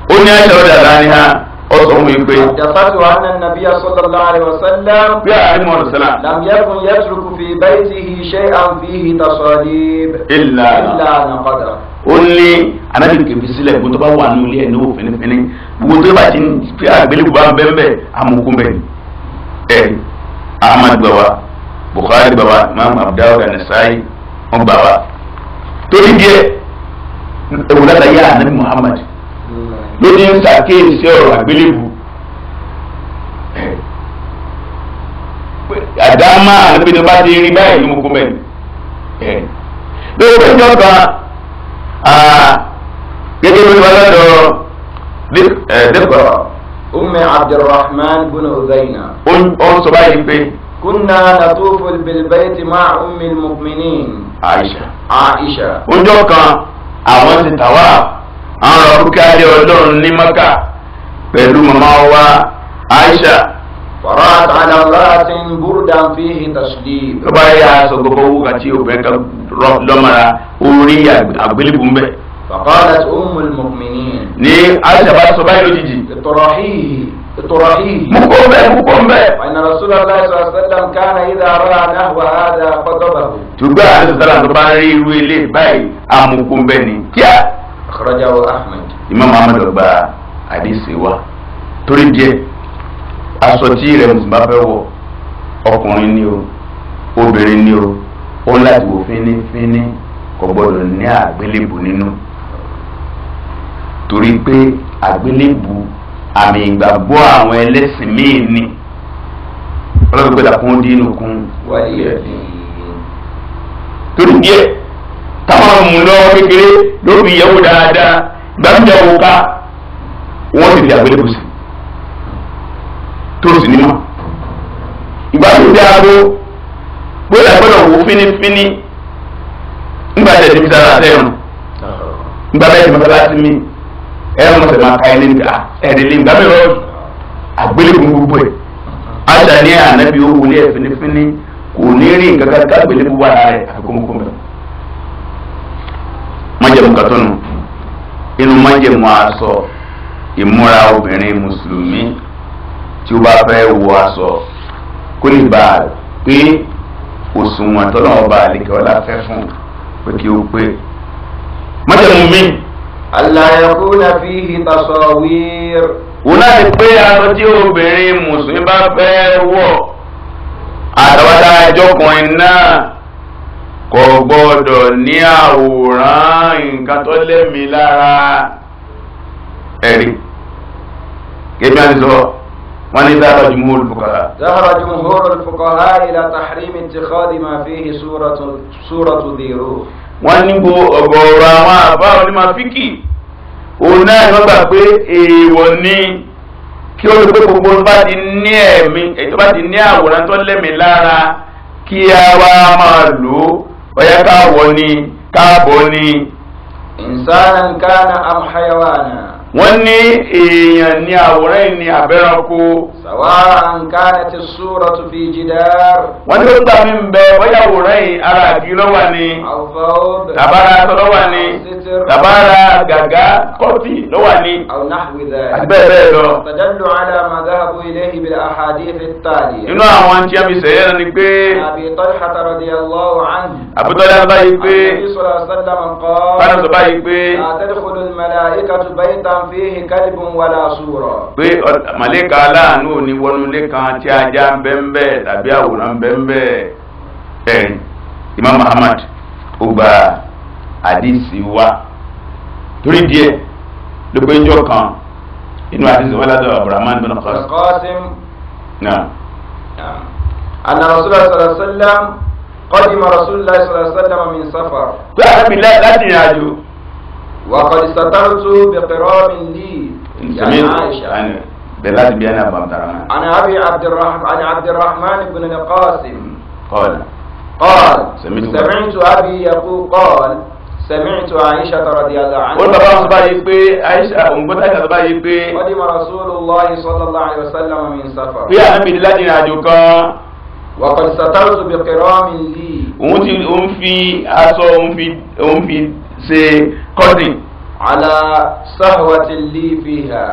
ó ní ha. ó sọ wí pé. dàfàtò àná nàbí sallallahu alaihi wasallam. bí a ní mọ̀ọ́nù sẹ́lá. lam yakun yatruku fi baytihi shay'an fihi tasadib. illa illa naqada. ó ní anábì kìí sílẹ̀ gbogbo tó bá wà ní ẹ̀ níwò fẹ́nifẹ́ni gbogbo bá ti fi àgbélébù bá bẹ́ẹ̀ bẹ́ẹ̀ amukun bẹ́ẹ̀ ẹ̀ ahmad bawa bukhari bawa abdul nasai wọn bawa torí díẹ̀ ewúrẹ́ ta anabi muhammad ló ní ń ṣàkíyèsí sí ọ̀rọ̀ àgbélébù àdámà níbi tó bá ti rí báyìí ló mú kó mẹ́rin lórí ọjọ́ kan gẹ́gẹ́ bí wọ́n lọ́dọ̀ dẹ́kọ̀ Ummi Abdulrahman bin Uzayna. ó ń sọ báyìí pé. kunna natufu bilbayti ma'a ummil mu'minin. Aisha. Aisha. ọjọ́ kan àwọn ti tàwa àwọn ọ̀bùkárí ọlọ́run ní maka pẹ̀lú màmá wa Aisha. farata ala ratin burdan fihi tashdid. lọ́ba yẹ aṣọ gbogbo owó kàtí òbẹ́ ká lọ́mara orí àgbélébù ń bẹ̀. faqalat ummul mu'minin. ní Aisha bá sọ báyìí lójijì. ìtọ̀rọ̀hìhì الطرائي مقوم به مقوم به وان رسول الله صلى الله عليه وسلم كان اذا راى نحو هذا خطبه تبع الزلمه باري akhrajahu ahmed. imam ahmed gba àdìsí wa torí díẹ̀ aṣọ tí rẹ̀ mùsùlùmí bá fẹ́ wọ̀ ọkùnrin ni o obìnrin ni o ó láti wò fínífíní kò gbọdọ̀ ní àgbélébù nínú torí pé àgbélébù àmì ìgbàgbọ́ àwọn ẹlẹ́sìn míì ni ọlọ́run pé làkún dínú kún wáyé ẹ̀ torí díẹ̀. táwọn mú lọ́wọ́ kékeré ló fi dáadáa gbàmjà wò ká wọ́n ti di àgbélébùú sí tó sì ní ìgbà tó di aago gbọ́dọ̀ gbọ́dọ̀ wò fínífíní nígbà tẹ̀ ti fi sára àtẹ̀yọ̀nù nígbà bẹ́ẹ̀ ti mọ́tò láti mí ẹ̀rọ mọ̀sẹ̀ máa ka ẹni lé nígbà mẹ́rọ gbogbo ẹ̀ àṣà ànábi owó ẹ̀ fínífíní kò ní rí nǹkan ká wà mẹ́rọ. májẹ̀mú kàtọ́nù inú májẹ̀mú aṣọ ìmúra obìnrin mùsùlùmí tí ó bá fẹ́ wọ aṣọ kó lè bá a pé òṣùwọ̀n tọ́lọ́wọ́ bá a lè kẹ́ ọ láfẹ́ fún pé kí ó pé májẹ̀mú mi. àlàyékúnlá fi ìtàsọ̀ wíìr. wọ́n láti pé aṣọ tí obìnrin mùsùlùmí bá fẹ́ wọ̀ àtàwọn tá a jọkùnrin kò gbọ́dọ̀ ní àwòrán nǹkan tó lẹ́mi lára ẹ̀rí kébí àti sọ wọ́n ní dáhà jumhur al-fuqaha. dáhà jumhur al-fuqaha ila tahrim ittikhadi ma fihi suratu dhiru. wọ́n ní bo ọ̀gọ̀ọ̀rọ̀ àwọn àbá òní máa fi kì òun náà ni wọ́n gbà pé èèwọ̀ ni kí ó lè pé gbogbo bá ti ní ẹ̀mí èyí bá ti ní àwòrán tó lẹ́mi lára kí a wá máa lò ó ọ̀yá káàwọ̀ ni káàbọ̀ ni. insanan kana am hayawana. wọ́n ní èèyàn ní àwòrán ní abẹ́ranko sàwọn nǹkan ti sùúrọ̀ tó fi jìdá. wọ́n ní ó gbà mí ń bẹ bóyá òwúrọ̀ yìí ara àbí lọ́wọ́ ni tàbára lọ́wọ́ ni tàbára gàgá kọ́tì lọ́wọ́ ni àti bẹ́ẹ̀ bẹ́ẹ̀ lọ. tàdánù àdàmà gáàbù ilé ibi àhàdí fi tààdì. nínú àwọn tí a fi sẹ́yẹ́ ni pé. àbí tọ́lá àtàrọ̀ di ọlọ́wọ́ àn. àbútọ́lá báyìí pé. àbí sọ̀rọ̀ sọ́dọ̀ mọ̀ kọ́. bá pé màlẹ́kà ò ní wọnúlé kan tí ajá ń bẹ́ ń bẹ́ tàbí àwòrán ń bẹ́ ń bẹ́ ẹ̀rìn Imam Ahmad ó gba àdìsí wa torí díẹ̀ ló pé njọ́ kan inú àdìsí wa ládọ̀ Abdurrahman bin Qasim. anna rasulullah sallallahu alaihi wasallam qadima rasulullah sallallahu alaihi wasallam min safar. pé àbẹ̀bí láti rìn àjò. wa qad satartu bi qiramin li. ìsàmì ìsàmì. بلاد بيان أبو عبد الرحمن عن أبي عبد الرحمن عن عبد الرحمن بن القاسم قال قال سمعت, سمعت أبي يقول قال sẹ̀mìtì àyíṣà tọrọ di àgbà àná. ó bàbá wọn bá yìí pé àyíṣà òǹgbọ́tà àyíṣà bá yìí pé. wọ́n di mọ̀rọ̀ sóòlù lọ́ọ̀yì sọ́lọ́lá àyọ̀ sẹ́lẹ̀m mi ń sáfà. pé àwọn mi láti rìn àjò kan. wọ́pọ̀ sàtàrù tó bẹ̀rẹ̀ kẹrọ mi lì. òun ti òun fi aṣọ òun fi òun fi ṣe kọ́dìn. àlà sáhùwà ti lì fi hà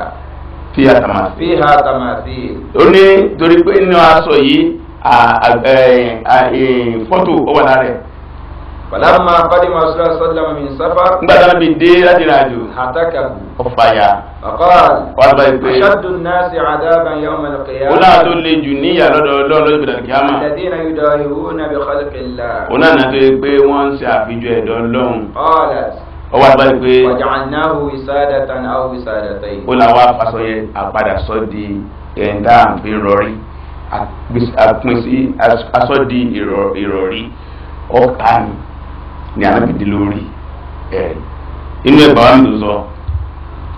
fi ha tàmà sí. fi ha tàmà sí. ó ní torí pé nínú aṣọ yìí fọ́tò ó wà lára rẹ̀. Bàlámà Fádìmà Ṣúra Sọ́dìlámà mi sábà. Nígbà tí wọ́n fi dé láti rìn àjò. Àtàkàbù. Ọ̀fàyà. Ọ̀kọ́àlì. Wọ́n bá ìpè. Aṣáájú náà ṣe àdáàbà yà ọmọ ìlọ̀kẹ́yà. Ó náà tó le jù níyà lọ́dọ̀ lọ́dọ̀ ìgbàdàn kí á mọ̀. Àtẹ̀dínà yóò dọ̀ ìwú náà bí kọ́lùkẹ́lá. Ó náà náà tó yẹ pé wọ́n ń ṣe àfijọ́ ẹ̀dọ́ lọ́hùn. Ọ̀lẹ́sì ọwọ́ àgbà yìí pé. wàjànàhù ìsádàtà náà ó ìsádàtà yìí. ó làwọn afasọ yẹn àpadà sọ di ẹ̀ńdá àbí rọrí àpín sí asọ di ìrọ̀rí ọ̀ka ni ni anábìdí lórí ẹ̀ inú ẹ̀ bàbá mi sọ.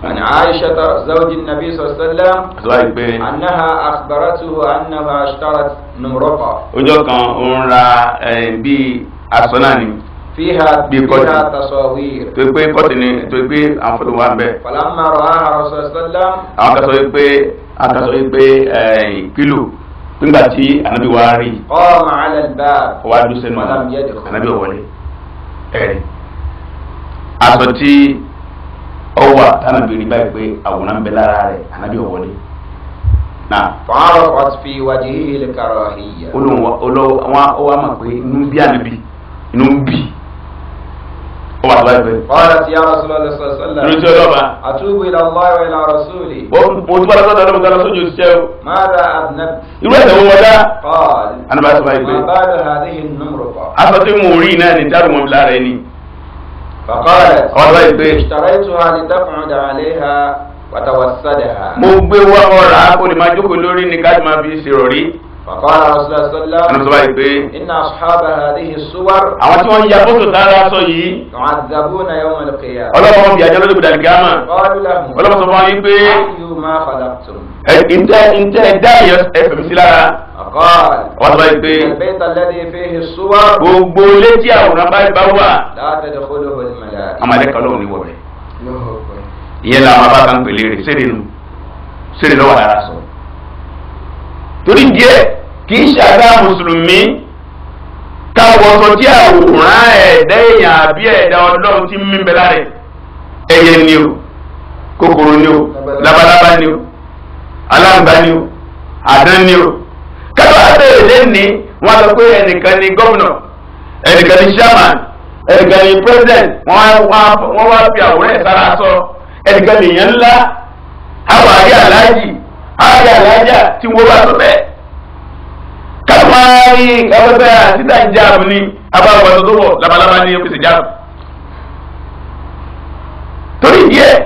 عن عائشة زوج النبي صلى الله عليه وسلم أنها أخبرته أنها اشترت نمرقة. ọjọ́ kan ó ń fiha biha tasawir. tó pé kọ́tì ni tó pé àwọn fọlọ́ wa ń bẹ̀. falamma ra'a rasulullah. àwọn kan sọ pé àwọn kan sọ pé kílò nígbà tí anabi wa rí. qama ala al-bab. ó wá dùn sẹ́nu anabi wọlé. ẹ̀rí aṣọ tí ó wà tánàbí rí báyìí pé àwòrán ń bẹ lára rẹ̀ anabi wọlé. Nah. Fa'arafat fi wajhihil karahiyya. Olóhùn wa wa mọ̀ pé inú bí ànábì ọmọ àbáyé pé. ọ̀rọ̀ ti yára sọ́lá lọ sọ́lá sọ́lá. lórí tí ọlọ́ba. àtúbù ilà ọlọ́wọ́ ilà rọ̀súlì. mo mo ti bára sọ́dọ̀ ọlọ́mọ kan sójú ṣiṣẹ́ o. mára adnab. irú ẹ̀sẹ̀ wo wọ́n dá. kọ́ọ̀lì. anabaa sọ báyìí pé. màá bá lọ àdéhìn nùmùrùkọ. rí Fàkọ́lá Rasulá Sọ́lá. Ẹnu tó báyìí pé. Iná ṣùhábà àdéhì súwár. Àwọn tí wọ́n ya fótó tára sọ yìí. Àwọn àdàbò náà yọ̀ wọn kìyà. Ọlọ́mọ wọn bí ajá lọ́dún gbọdọ̀ gírámà. Ọlọ́mọ sọ fún wa yín pé. Ayú máa fàdà tó. Ǹjẹ́ ǹjẹ́ ẹ̀dá ẹ̀yọ ẹ̀fẹ̀ mi sí lára? Fàkọ́lá. Wọ́n báyìí pé. Gbogbo létí àwòrán báyìí bá wà. Láàbẹ̀ ìyẹn làwọn abá kan pèlè rè sèrè nù sèrè lọ́wọ́ sọ. torí díẹ̀ kì í ṣe àdá mùsùlùmí káwọ́sọ tí àwòrán ẹ̀dá èèyàn àbí ẹ̀dá ọlọ́run ti mí bẹ́ẹ̀ rẹ̀ ẹyẹ ni o kòkòrò ni o labalábá ni o aláǹgbá ni o àdán ni o kábà bẹ́ẹ̀ lẹ́ni sọ pé ẹnìkan ni gómìnà ẹnìkan wọ́n wá ààrẹ alájà tí wọ́n bá tó bẹ́ẹ̀ káfáárì káfẹ́fẹ́ àtìdá ìjáàbù ni abáwọn tó tó wọ̀ labalábá ní ọ́fíìsì ìjáàbù. torí ìdí ẹ̀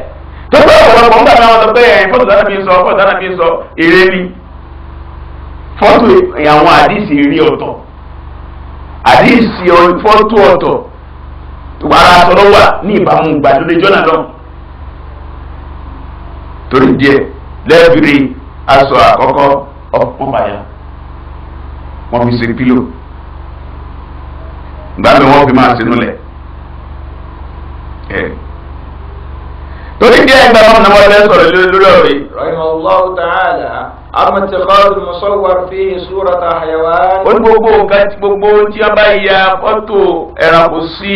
tó bá ọ̀pọ̀lọpọ̀ ń gbàgbọ́ àwọn ọ̀pẹ́ ẹ̀ fọ́tò dáná fi sọ fọ́tò dáná fi sọ èrè ni fọ́tò àwọn àdìsí rí ọ̀tọ̀ àdìsí fọ́tò ọ̀tọ̀ wàrà àtọ̀lọ́wà ní ìbámu gbàdúrà jọ́nà lọ torí lẹ́ẹ̀bìrì aṣọ àkọ́kọ́ ọ̀pọ̀ bàyà wọ́n fi ṣe pílò gbàgbé wọ́n fi máa sínú lẹ̀ torí díẹ̀ ìgbà wọn náà wọlé sọ̀rọ̀ lórí ọ̀rẹ́. rahimahullahu ta'ala amatikhadu musawwar fi surata hayawan. ó ní gbogbo nǹkan gbogbo tí a bá ya fọ́tò ẹranko sí.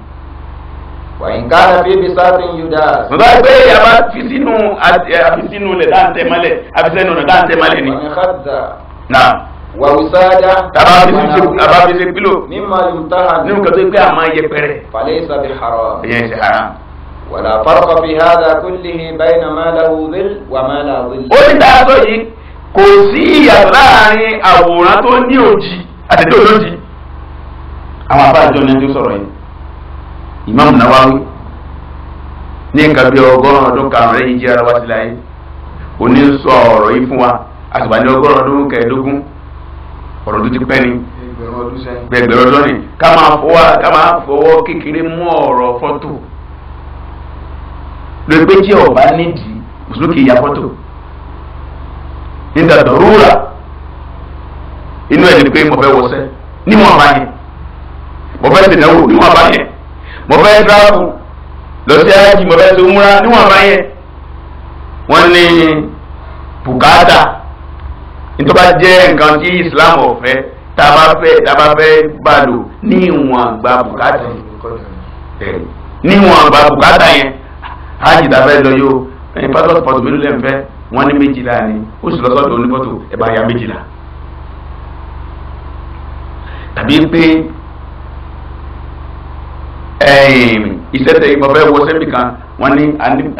wàyín kára bíbí sáfin yuda. bàbá gbé yàrá fisinu àfisinu lè dáńtẹ malẹ àfisinu lè dáńtẹ malẹ ni. na. wàwùsáàdá. tàbá fisinu se tàbá fisinu pilo. mímọ yòóta. nínú kàtó gbé àmà yẹpẹrẹ. falẹ̀ sàbí haram. ẹ̀yẹ ṣe haram. wàlà farqa fi hàdà kullihi bayna ma lahu dhil wa ma la dhil. ó ti dáa sọ yìí kò sí ìyàtọ̀ láàrin àwòrán tó ní òjì àtẹ̀tẹ̀ olójì. àwọn àbájọ ni ti sọ̀rọ̀ yìí. Imam Nawawi ní nǹkan bí ọgọ́rùn ọdún karùn lẹ́yìn jí ara wa sí láyé òní sọ ọ̀rọ̀ yìí fún wa àtùbà ní ọgọ́rùn ka kẹẹ̀ẹ́dógún ọ̀rọ̀ tó ti pẹ́ ni gbẹgbẹrún ọdún ni ká máa fọwọ́ kékeré mú ọ̀rọ̀ fọ́tò lórí ya mo mo fẹ́ travel lọ sí aláàjì mo fẹ́ ṣe múra níwọ̀n bá yẹn wọ́n ní bùkátà nítorí bá jẹ́ nǹkan tí Islam ọ̀fẹ́ tá a bá fẹ́ tá a bá fẹ́ bá lò ní ìwọ̀n àgbà bùkátà yẹn ní ìwọ̀n àgbà bùkátà yẹn hajj tá a fẹ́ lọ yóò ẹ̀yin pátọ́tù pọ̀tù mélòó lẹ́nu fẹ́ wọ́n ní méjìlá ni ó sì lọ́sọ̀dọ̀ onífọ́tò ẹ̀ bá ya méjìlá tàbí pé iṣẹ́ tẹ ìmọ̀ fẹ́ wọ sẹ́mi kan wọ́n ní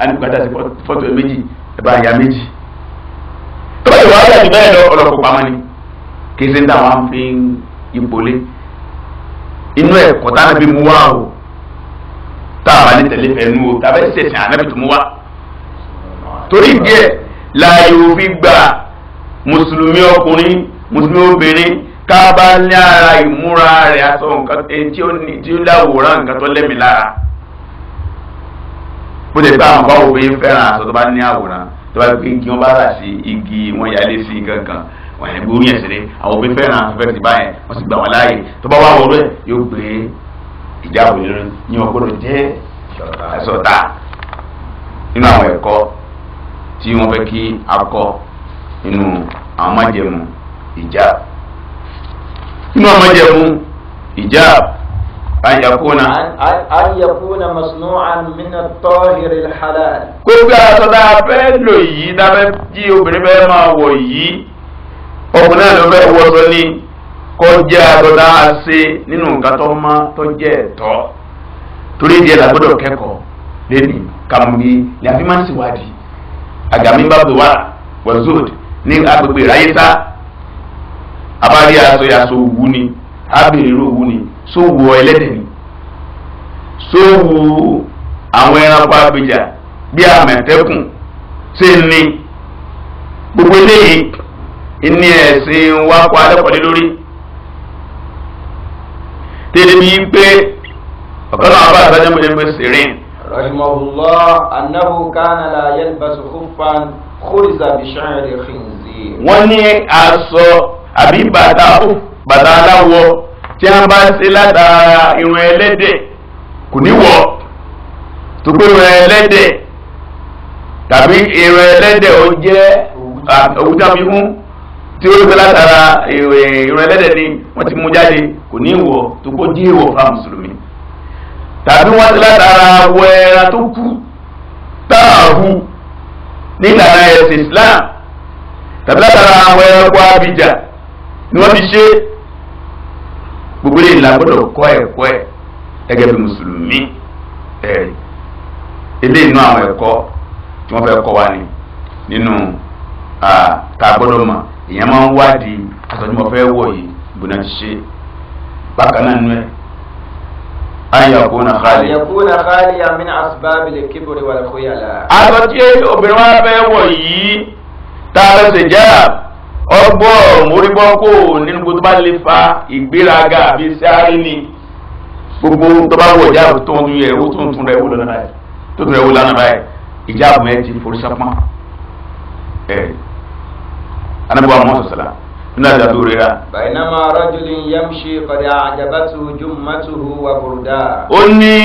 anìgbàdà sí fọ́tò méjì ẹ̀bá ìyá méjì. tó bá ìwà ọ̀dà jù bẹ́ẹ̀ lọ ọlọ́kọ̀ pamọ́ ni kì í ṣe ń dà wọ́n fi ń ìpolé inú ẹ̀ kọ̀tà náà bí mu wá o tá a bá ní tẹ̀lé fẹ́ nu o tá a bá ní sẹ̀sìn ànábì tó mu wá. torí díẹ̀ láàyè òfin gbà mùsùlùmí ọkùnrin mùsùlùmí obìnrin tá a bá ní ara ìmúra rẹ̀ aṣọ nǹkan tí ó ní tí ó láwòrán nǹkan tó lẹ́mìí lára bó ṣe pé àwọn bá wò fẹ́ràn aṣọ tó bá ní àwòrán tó bá gbé igi wọn bá rà sí igi wọn yálé sí kankan wọn yẹn gbórí yẹn sílẹ̀ àwọn òbí fẹ́ràn aṣọ fẹ́ràn ti báyẹn wọ́n sì gbà wọn láàyè tó bá wà wọ́n rẹ̀ yóò gbé ìjáàbò lórí ní ọgbọ́dọ̀ jẹ́ ẹ̀sọ̀ta nínú àwọn ẹ̀kọ́ tí wọ́n fẹ́ kí akọ nínú àwọn májẹ̀mú ìjáàbò nínú àwọn jẹ̀mú hijab an yakuna. an yakuna masnu'an min at-tahir al-halal. kó gbé aṣọ tá a fẹ́ lò yìí dábẹ́ tí obìnrin bẹ́ẹ̀ máa wọ̀ yìí ọkùnrin náà ló fẹ́ wọṣọ ní kọjá aṣọ tá a ṣe nínú nǹkan tó má tó jẹ́ ẹ̀tọ́ torí ìdí ẹ̀ la gbọ́dọ̀ kẹ́kọ̀ọ́ lẹ́nu kàmùgì ni àfi máa ń ṣèwádìí àgàmí bá bò wá wọ́n zood ní agbègbè ráyé sá abárí aṣọ aṣọ òwú ni ábèrè irú òwú ni sówù ẹlẹ́dẹ̀ ni sówù àwọn ẹranko abìjà bí àmọ̀tẹ́kùn ṣe ní gbogbo eléyìí ní ẹ̀sìn wa kọ́ alẹ́kọ̀ọ́lé lórí tẹ́lẹ̀ bíi pé ọ̀kan náà bá àtàjọ́ mọ́lẹ́ mọ́ sẹ́rìn. rahimahullah annahu kana yalbasu khuffan khuriza bi wọ́n ní aṣọ àbí bàtà bàtà aláwọ̀ tí wọ́n bá ṣe látara irun ẹlẹ́dẹ̀ kò ní wọ̀ tó pé irun ẹlẹ́dẹ̀ tàbí irun ẹlẹ́dẹ̀ ó jẹ́ òwúta fífún tí ó gbé látara irun ẹlẹ́dẹ̀ ni wọ́n ti mú jáde kò ní wọ̀ tó kó ìwọ̀ fáwọn mùsùlùmí tàbí wọ́n ti látara wọ ẹran tó kú táàhù nílànà ẹ̀sìn Islam tàbí látara àwọn ẹranko abidjà ni wọ́n fi ṣe gbogbo eléyìí la gbọ́dọ̀ kọ́ ẹ̀kọ́ ẹ̀ gẹ́gẹ́ bí mùsùlùmí ẹ̀rí eléyìí nínú àwọn ẹ̀kọ́ tí wọ́n fẹ́ kọ́ wa ni nínú tá a gbọ́dọ̀ mọ̀ èèyàn máa ń wádìí aṣọ tí mo yìí gbọ́dọ̀ ti ṣe bákan náà nú ẹ̀ an khali. an khali ya min asbabil kibri wal khuyala. aṣọ tí obìnrin wa fẹ́ wọ̀ tààrà ṣèjà ọgbọ́ mórígbọ́ kò nínú gbogbo bá lè fa ìgbéraga àbí sáré ni gbogbo tó bá wọ̀ ìjáàbù tó ń yẹ owó tó ń tún rẹ̀ wò lọ́nà báyìí tó tún rẹ̀ wò lọ́nà báyìí ìjáàbù ẹ̀ ti forí sápọ́n ẹ̀ anábọ̀ àwọn sọ̀sọ̀lá nínú àjà tó rẹ̀ rà. bainama rajulin yamshi qad a'jabathu jummatuhu wa burda. ó ní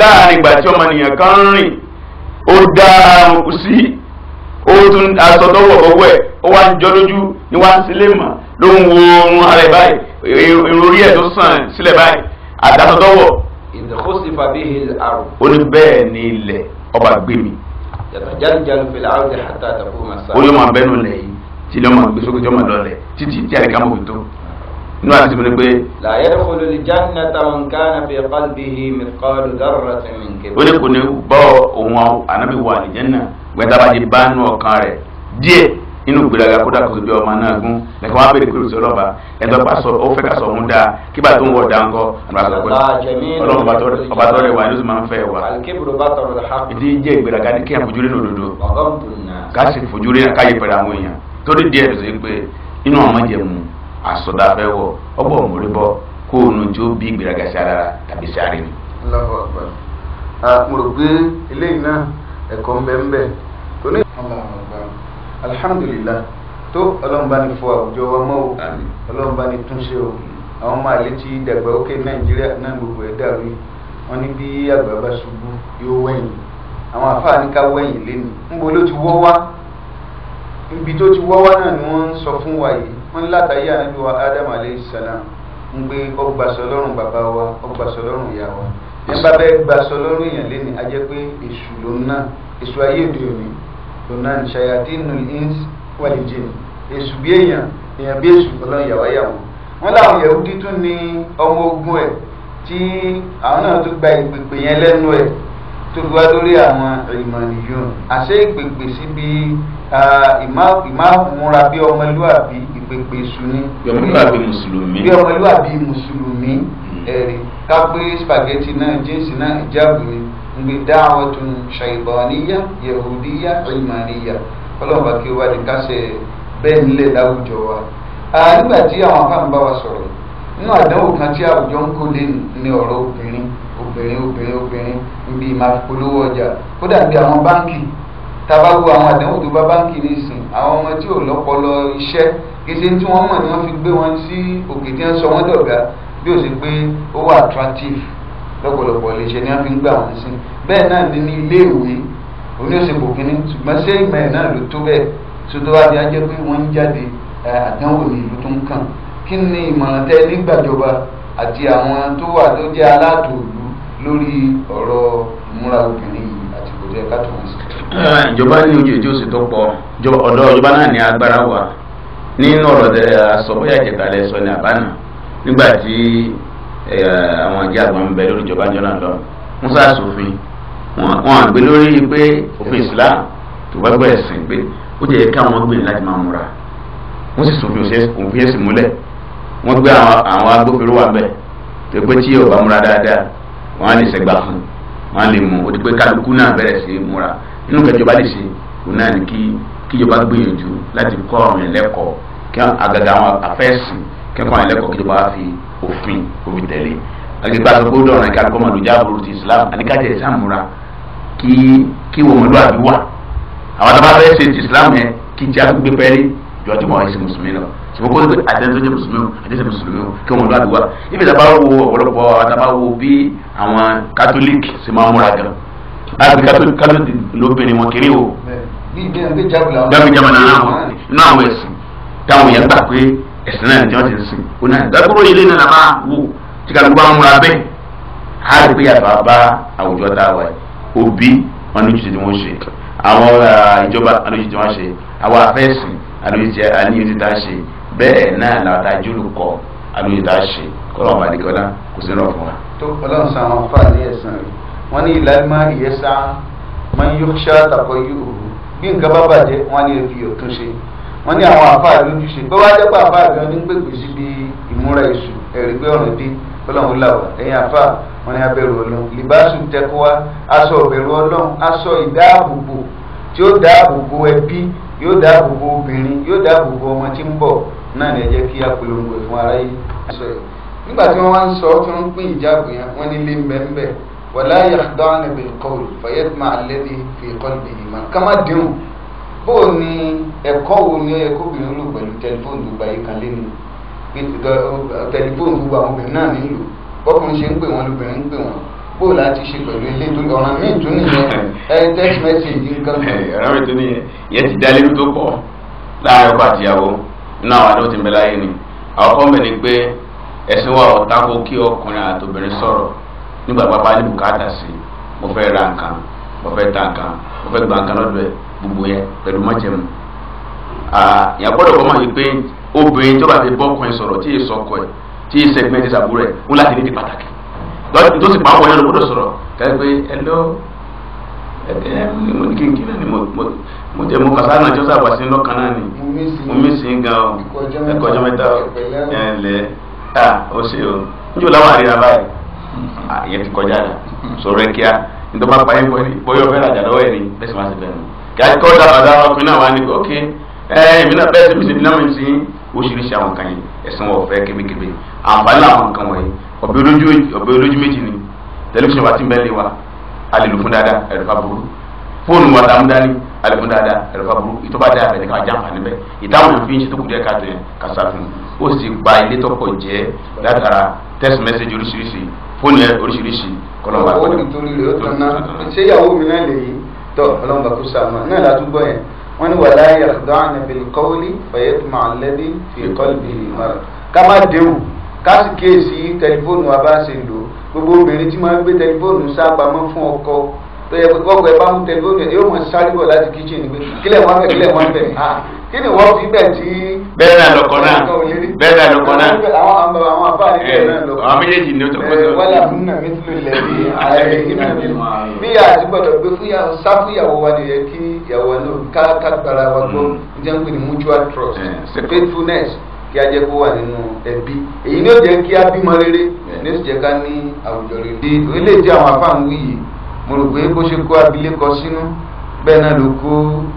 láàrin ìgbà tí ọmọnìyàn kan rìn ó dá òkú sí ó tún aṣọ tọwọ́ ọwọ́ ẹ̀ ó wá ń jọ lójú ní wá ń sílé mọ̀ ló ń wo oorun ara ẹ̀ báyìí irun orí ẹ̀ tó sàn sílẹ̀ báyìí àtàṣọ tọwọ́. ìdókòó sì fàbí hil àrùn. ó ní bẹ́ẹ̀ ni ilẹ̀ ọba gbé mi. jàdùjàdù fìlà áwùjẹ àtà àtàkù máa sá. ó yọ máa bẹ́nu lẹ̀ yìí tí ilé ọmọ gbèsè kọjọ́ máa lọlẹ̀ títí tí àríkà mọ̀ fi tó inú àti mi ni pé. la yadkhulu al-jannata man kana fi qalbihi mithqalu dharratin min kibr. ó ní kò ní bọ́ gbẹdàbàjẹ bá nù ọkàn rẹ díẹ̀ nínú gbèdàgà kódà kò bí ọmọ náà gún lẹkọ wọn abẹ́rẹ́ kúrò sí ọlọ́ba ẹ̀dọ́ bá sọ ó fẹ́ ká sọ ọ̀hún dáa kí bá tó ń wọ̀ dáa ńkọ àgbàgbọ́ ọlọ́run ọba tọ́ rẹ̀ wá ní oṣù máa ń fẹ́ wa. ìdí jẹ́ ìgbèdàgà ní kí a fojú rí lòdòdò ká sì fojú rí ká yẹ pẹ̀lú àwọn èèyàn torí díẹ̀ tó ṣe pé inú ọmọ jẹ̀mú àsọdá fẹ́ wọ ọgbọ́ òmùrí bọ́ kó o nu tí ó bí ìgbèdàgà sí ara tàbí sáré alhamdulillah to ọlọ́mùbá ní fọ àwùjọ wa o ọlọ́mùbá ní túnṣe o àwọn ọmọ àlè ti dàgbà ókè nàìjíríà náà gbogbo ẹ̀ dàrú wọn ni bí àgbà bá ṣubú yóò wẹ̀yìn àwọn àfáà ní ká wẹ̀yìn lẹ́nu ńbo ló ti wọ́ wá ibi tó ti wọ́ wá náà ni wọ́n ń sọ fún wa yìí wọ́n látàyé ànábì wa adam aleyhi ń gbé bàbá wa ìyá wa ẹ bá bẹ́ẹ̀ lẹ́nu èṣù ló ń ná èṣù ayé òde lọ́nà ṣayatinu ins wàlìjìn èṣù bí èèyàn èèyàn bí èṣù ọlọ́run yàwá yàwó wọn làwọn yahudi tún ní ọmọ ogun ẹ̀ tí àwọn náà tún gba ìpèpè yẹn lẹ́nu ẹ̀ tó fi wá lórí àwọn ìmọ̀nìyàn àṣẹ ìpèpè síbi ìmáàmúra bí ọmọlúwàbí ìpèpè èṣù ni bí ọmọlúwàbí mùsùlùmí bí ọmọlúwàbí mùsùlùmí hmm. ẹ̀rí ká pé spaghetti náà jíǹsì náà ìjáàbù بدعوة شيطانية يهودية علمانية ọlọ́run bá kí ó wá di kásẹ̀ bẹ́ẹ̀ nílẹ̀ láwùjọ wa nígbà tí àwọn afáàmì bá wa sọ̀rọ̀ nínú àdánwò kan tí àwùjọ ń kó lé ní ọ̀rọ̀ obìnrin obìnrin obìnrin obìnrin níbi ìmàpolówó ọjà kódà bí àwọn báńkì tabago àwọn àdánwò tó bá báńkì nísìn àwọn ọmọ tí ò lọ́pọlọ iṣẹ́ kése tí wọ́n mọ̀ ni wọ́n fi gbé wọn sí òkè tí wọ́n sọ wọ́n dọ̀gá bí ó ṣe pé ó wà attractive lọ́pọ̀lọpọ̀ lè ṣe ní wọ́n fi ń gbà wọ́n sí bẹ́ẹ̀ náà ní ní ilé ìwé oníṣègùn kínní ṣùgbọ́n ṣé ìmọ̀ ẹ̀ náà ló tó bẹ́ẹ̀ sọ́tọ́ wá bí a jẹ́ pé wọ́n ń jáde àdánwò ní ìlú tó ń kàn kí ni ìmọ̀ràn tẹ́ nígbàjọba àti àwọn tó wà tó jẹ́ aláàtò ìlú lórí ọ̀rọ̀ ìmúra obìnrin yìí àti kò jẹ́ káàtó wọn sí. ìjọba ní ojú ètò òsì tó pọ̀ ọ̀dọ̀ ìjọba náà ní agbára wà nínú ọ̀rọ̀ tẹ àsọ̀bọ̀yà ìjẹta lẹ ní àbánà nígbà tí àwọn ìjà àgbọn ń bẹ lórí ìjọba jọ̀nà lọ wọ́n sá sófin wọn àgbẹ̀ lórí pé òfin Islam tó bá gbọ́ ẹ̀sìn pé ó jẹ́ káwọn gbìyànjú láti máa múra wọ́n sì sófin òfin ẹ̀sìn múlẹ̀ wọ́n gbé àwọn agbófinró wà bẹ̀ tó pé tí ọba múra dáadáa wọ́n á lè sẹ́gbà fún wọ́n á lè mú ó ti pé kálukú náà bẹ̀rẹ̀ sí múra inú kẹjọba lè ṣe òun náà ni kí kíjọba gbìyànjú láti kọ́ àwọn ẹ̀lẹ́kọ̀ọ́ kí àgàgà àwọn afẹ́sìn kẹ́kọ̀ọ́ àwọn ẹlẹ́kọ̀ọ́ kí ló bá fi òfin òfin tẹ̀lé agbègbè àti gbódò ọ̀ràn ìka kọ́mọ lójà àbúrò ti Islam àníkàjẹ́ ìsàmúra kí kí wọ́n mọ̀lú àbí wà àwọn àtàwọn abẹ́rẹ́ ṣe ti Islam yẹn kí n jẹ́ àgbègbè pẹ́ẹ́lí jọ ti wọ́n ẹ̀sìn mùsùlùmí lọ ṣùgbọ́n kó àtẹnudọ́jẹ́ mùsùlùmí o àtẹnudọ́jẹ́ mùsùlùmí o kí wọ́n mọ̀lú àbí wà ibi ìtàbá wo ọ̀pọ̀lọpọ̀ àtàbá wo bí àwọn Catholic ṣe máa múra gan láti Catholic lóbìnrin wọn kiri o. bí ìgbéyàwó jábìlà wọn. jábìlà wọn ẹ̀sìn náà tí wọ́n ti sìn kó náà dákúrò ilé náà làbá wò tí kálukú bá ń múra bẹ́ẹ̀ á rí pé yàtọ̀ bá àwùjọ tá a wà òbí wọn ní ojúṣe tí wọ́n ṣe àwọn ìjọba wọn ní ojúṣe tí wọ́n ṣe àwọn afẹ́sìn àlóyè àníyàn tá a ṣe bẹ́ẹ̀ náà làwọn tá a jùlọ kọ àlóyè tá a ṣe kọ́lọ́ ọ̀bà àdìgọ́lá kò sí náà fún wa. tó ọlọ́run sàn àwọn fáà ní ẹ̀sán rẹ̀ wọ́n ní ìlànà ìyẹ́sà máa ń yọ ṣáà tàkọ́ yìí òru bí nǹkan bá bàjẹ́ wọ́n á ní fi òtún ṣe wọ́n ní àwọn àfáà lójúṣe pé wáá dẹ́pọ̀ àfáà gan ní pèpè síbi ìmúra èṣù ẹ̀rí pé ọ̀rùn dé ọlọ́run làwà ẹ̀yìn àfáà wọn ni abẹ́rù ọlọ́run libasu tẹ́kọ́wá aṣọ ìbẹ̀rù ọlọ́run aṣọ ìdáàbòbò tí ó dáàbòbò ẹbí yóò dáàbòbò obìnrin yóò dáàbòbò ọmọ tí ń bọ̀ náà ní ẹ jẹ́ kí apolongo ẹ̀ fún aráyé nígbà tí wọ́n wá ń sọ ọ́ tí wọ́n ń pín ìjáàbù yẹn wọ́n nílé mbẹ́mbẹ́ wàlá yàtọ̀ ànàbẹ̀kọ́ fayetma alẹ́ bó ẹ̀kọ́ wo ni ẹ̀kọ́ obìnrin lò pẹ̀lú tẹlifóònù gbogbo ayé kan lẹ́nu tẹlifóònù gbogbo àwọn obìnrin náà nílò bọ́kùnrin ṣe ń pè wọ́n lóbìnrin ń pè wọ́n bó láti ṣe pẹ̀lú ilé tó ọ̀ràn míì tún nìyẹn ẹ text message nǹkan kan. ọ̀ràn tún nìyẹn yẹn ti dá lérú tó pọ̀ àtìyàwó àwọn àdó ti ń bẹ láyé ni àwọn pé kí ọkùnrin àtòbìnrin sọ̀rọ̀ nígbà pápá ní bùkátà wọ́n fẹ́ ta nǹkan wọ́n fẹ́ gba nǹkan lọ́dọ̀ ẹ̀ gbogbo yẹn pẹ̀lú májẹ̀mú. ìyá gbọ́dọ̀ kọ́ máa yí pé obìnrin tó bá fi bọ́kùnrin sọ̀rọ̀ tí èso ọkọ ẹ̀ tí èso ẹgbẹ́ ẹ̀dẹ́sà búrẹ̀ ń láti ní ti pàtàkì lọ́dún tó sì pa àwọn ẹ̀rọ gbọ́dọ̀ sọ̀rọ̀ kẹ́lẹ́ pé ẹ̀lọ́ mo ní kíkí náà ni mo jẹ́ mo kàtá náà jọ́sà wàsí lọ́kàn náà ni mo mí sí gan o ẹ̀kọ́ ọjọ́ mẹ́ta ẹ̀lẹ́ à ó ṣe o níjọ́ láwọn àríyá báyìí ìyẹn ti kọjá sọ̀rọ̀ kíá nítorí wọn pa ẹ wọlé bóyá ọfẹ rajà lọ́wọ́ ẹ ni bẹ́ẹ̀ sì máa ṣe bẹ́ẹ̀ nù. kí á kọ́ dábàá dábàá ọkùnrin náà wá ní kó ok ẹ èmi náà bẹ́ẹ̀ sì mi sì ní náà mi sì oríṣiríṣi àwọn kan yìí ẹ̀sìn wọn ọ̀fẹ́ kébékébé àǹfààní àwọn nǹkan wọ̀nyí ọ̀bẹ olójú méjì ni tẹlifíṣàn wa ti bẹ́ẹ̀ wa a lè lò fún dáadáa ẹ̀rọ fa burú fóònù wa dàmú dání a lè fún dáadáa ẹ̀rọ fa burú ìtọ́ bá dáa bẹ̀rẹ̀ ká já àǹfààní bẹ́ẹ̀ ìdáhùn òfin ṣe tó kù díẹ̀ káàtó yẹn kà sáfún ó sì gba ilé tọkọ jẹ́ látara text message fóònù yẹn oríṣiríṣi kọlọmọba kọlọmọba. owó nítorí rẹ̀ ó tán náà ṣé ìyàwó mi náà lè yí tọ́ ọlọ́mọba kò sàmà náà látúgbọ́ yẹn wọ́n ní wàlá yakhda'na bil qawli fayatma alladhi fi qalbihi marad ká má déwù ká sì kíyèsí tẹlifóònù wa bá ṣe lò gbogbo obìnrin tí máa ń gbé tẹlifóònù sápamọ́ fún ọkọ tó yẹ pé kọ́kọ́ ẹ bá mú tẹlifóònù yóò mọ̀ sáré bọ̀ láti kíchìn nígbè kílẹ̀ wọ́n bẹ̀ kílẹ̀ wọ́n bẹ̀ ah, kí ni wọ́n fi bẹ̀ tí. bẹ́ẹ̀ náà lọkọ náà bẹ́ẹ̀ náà lọkọ náà. àwọn àbàbà àwọn àbáyé bẹ́ẹ̀ náà lọkọ. àwọn méjèèjì ni ó tọ́ kọ́sọ́. wọ́n là fún nàmi tó lẹ̀ bí ààrẹ ìgbìmọ̀ bí àti gbọ́dọ̀ gbé fúyàwó sáfúyàwó wa ni yẹ kí ìyàwó náà ká kágbára wa gbọ́ hmm. njẹ́ ń pè ní mutual trust eh, faithfulness kí a jẹ́ kó wà nínú ẹbí èyí ni ó jẹ́ kí a bímọ rere eh. ní ó sì jẹ́ ká ní àwùjọ rere. ilé ìjẹ́ àwọn afáàmù yìí mo rò pé bó ṣe kó abilékọ sínú bẹ́ẹ̀ náà ló kó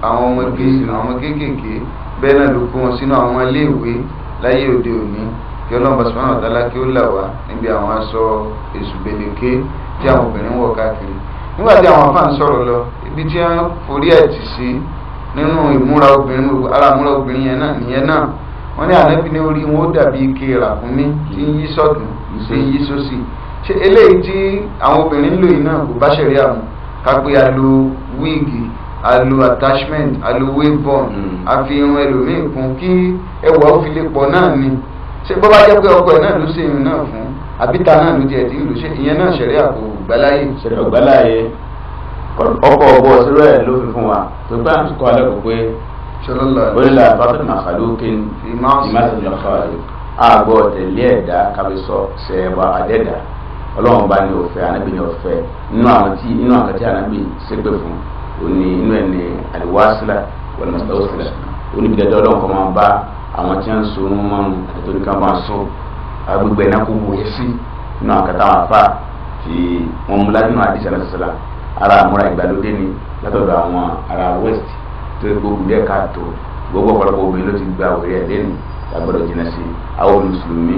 àwọn ọmọge sínú àwọn kéékèèké bẹ́ẹ̀ náà ló kó wọn sínú àwọn iléèwé láyé òde òní kí ọlọ́run subhanahu wa ta'ala kí ó là wá níbi àwọn aṣọ èṣù gbèdéke tí àwọn obìnrin wọ̀ káàkiri nígbà tí àwọn afáàn sọ̀rọ̀ lọ ibi tí wọ́n forí ẹ̀ sí nínú ìmúra obìnrin ara ìmúra obìnrin yẹn náà nìyẹn náà wọ́n ní ànábì ní orí wọn ó dàbí ike ràkúnmí tí ń yí sọ́tún tí ń yí sósì ṣe eléyìí tí àwọn obìnrin ń lò yìí náà kò bá ṣẹ̀rí àmọ́ kápé a lo wíìgì a lo attachment a lo wave bond hmm. a fi irun ẹlòmíì kún kí ẹwà ó fi lè pọ̀ náà ni ṣé bọ́ bá jẹ́ pé ọkọ ẹ̀ náà ló ṣe irun náà fún àbíta náà ló tiẹ̀ tí ń lò ṣe ìyẹn náà ṣẹ̀rí àpò ògbáláyé. ṣẹ̀rí ògbáláyé ọkọ̀ ọ̀bọ̀ ṣẹlẹ̀ ló fi fún wa tó gbà ń kọ́ alẹ́ kò pé orílẹ̀ àbáfẹ́ màkàlókin ìmásìlẹ̀ kọ́ọ̀lù àgbọ̀ tẹ̀lé ẹ̀dá kàbísọ̀ ṣẹ̀wà àdẹ́dà ọlọ́run bá ní ọ̀fẹ́ anábì ní ọ̀fẹ́ inú àwọn tí inú àwọn tí anábì ṣépè fún òní inú ẹ̀ ní àdìwásílà wọlọmọsílà oníbìdẹ́dẹ́ ọlọ́run kan máa bá àwọn tí wọ́n ń so wọn mọ́nu àtòrí kan máa so agbègbè náà kó wòye sí inú àwọn kata wọn fà fi wọn mú ládùn àdìsí alásàlá ara àmúra ìgbàlódé ni látọ̀dọ̀ àwọn ará west tó ń gbógun díẹ̀ káàtó gbogbo ọ̀pọ̀lọpọ̀ obìnrin ló ti gba òwe ẹ̀ lẹ́nu tàbí ọ̀dọ̀ jìnnà sí àwọn olùsùlùmí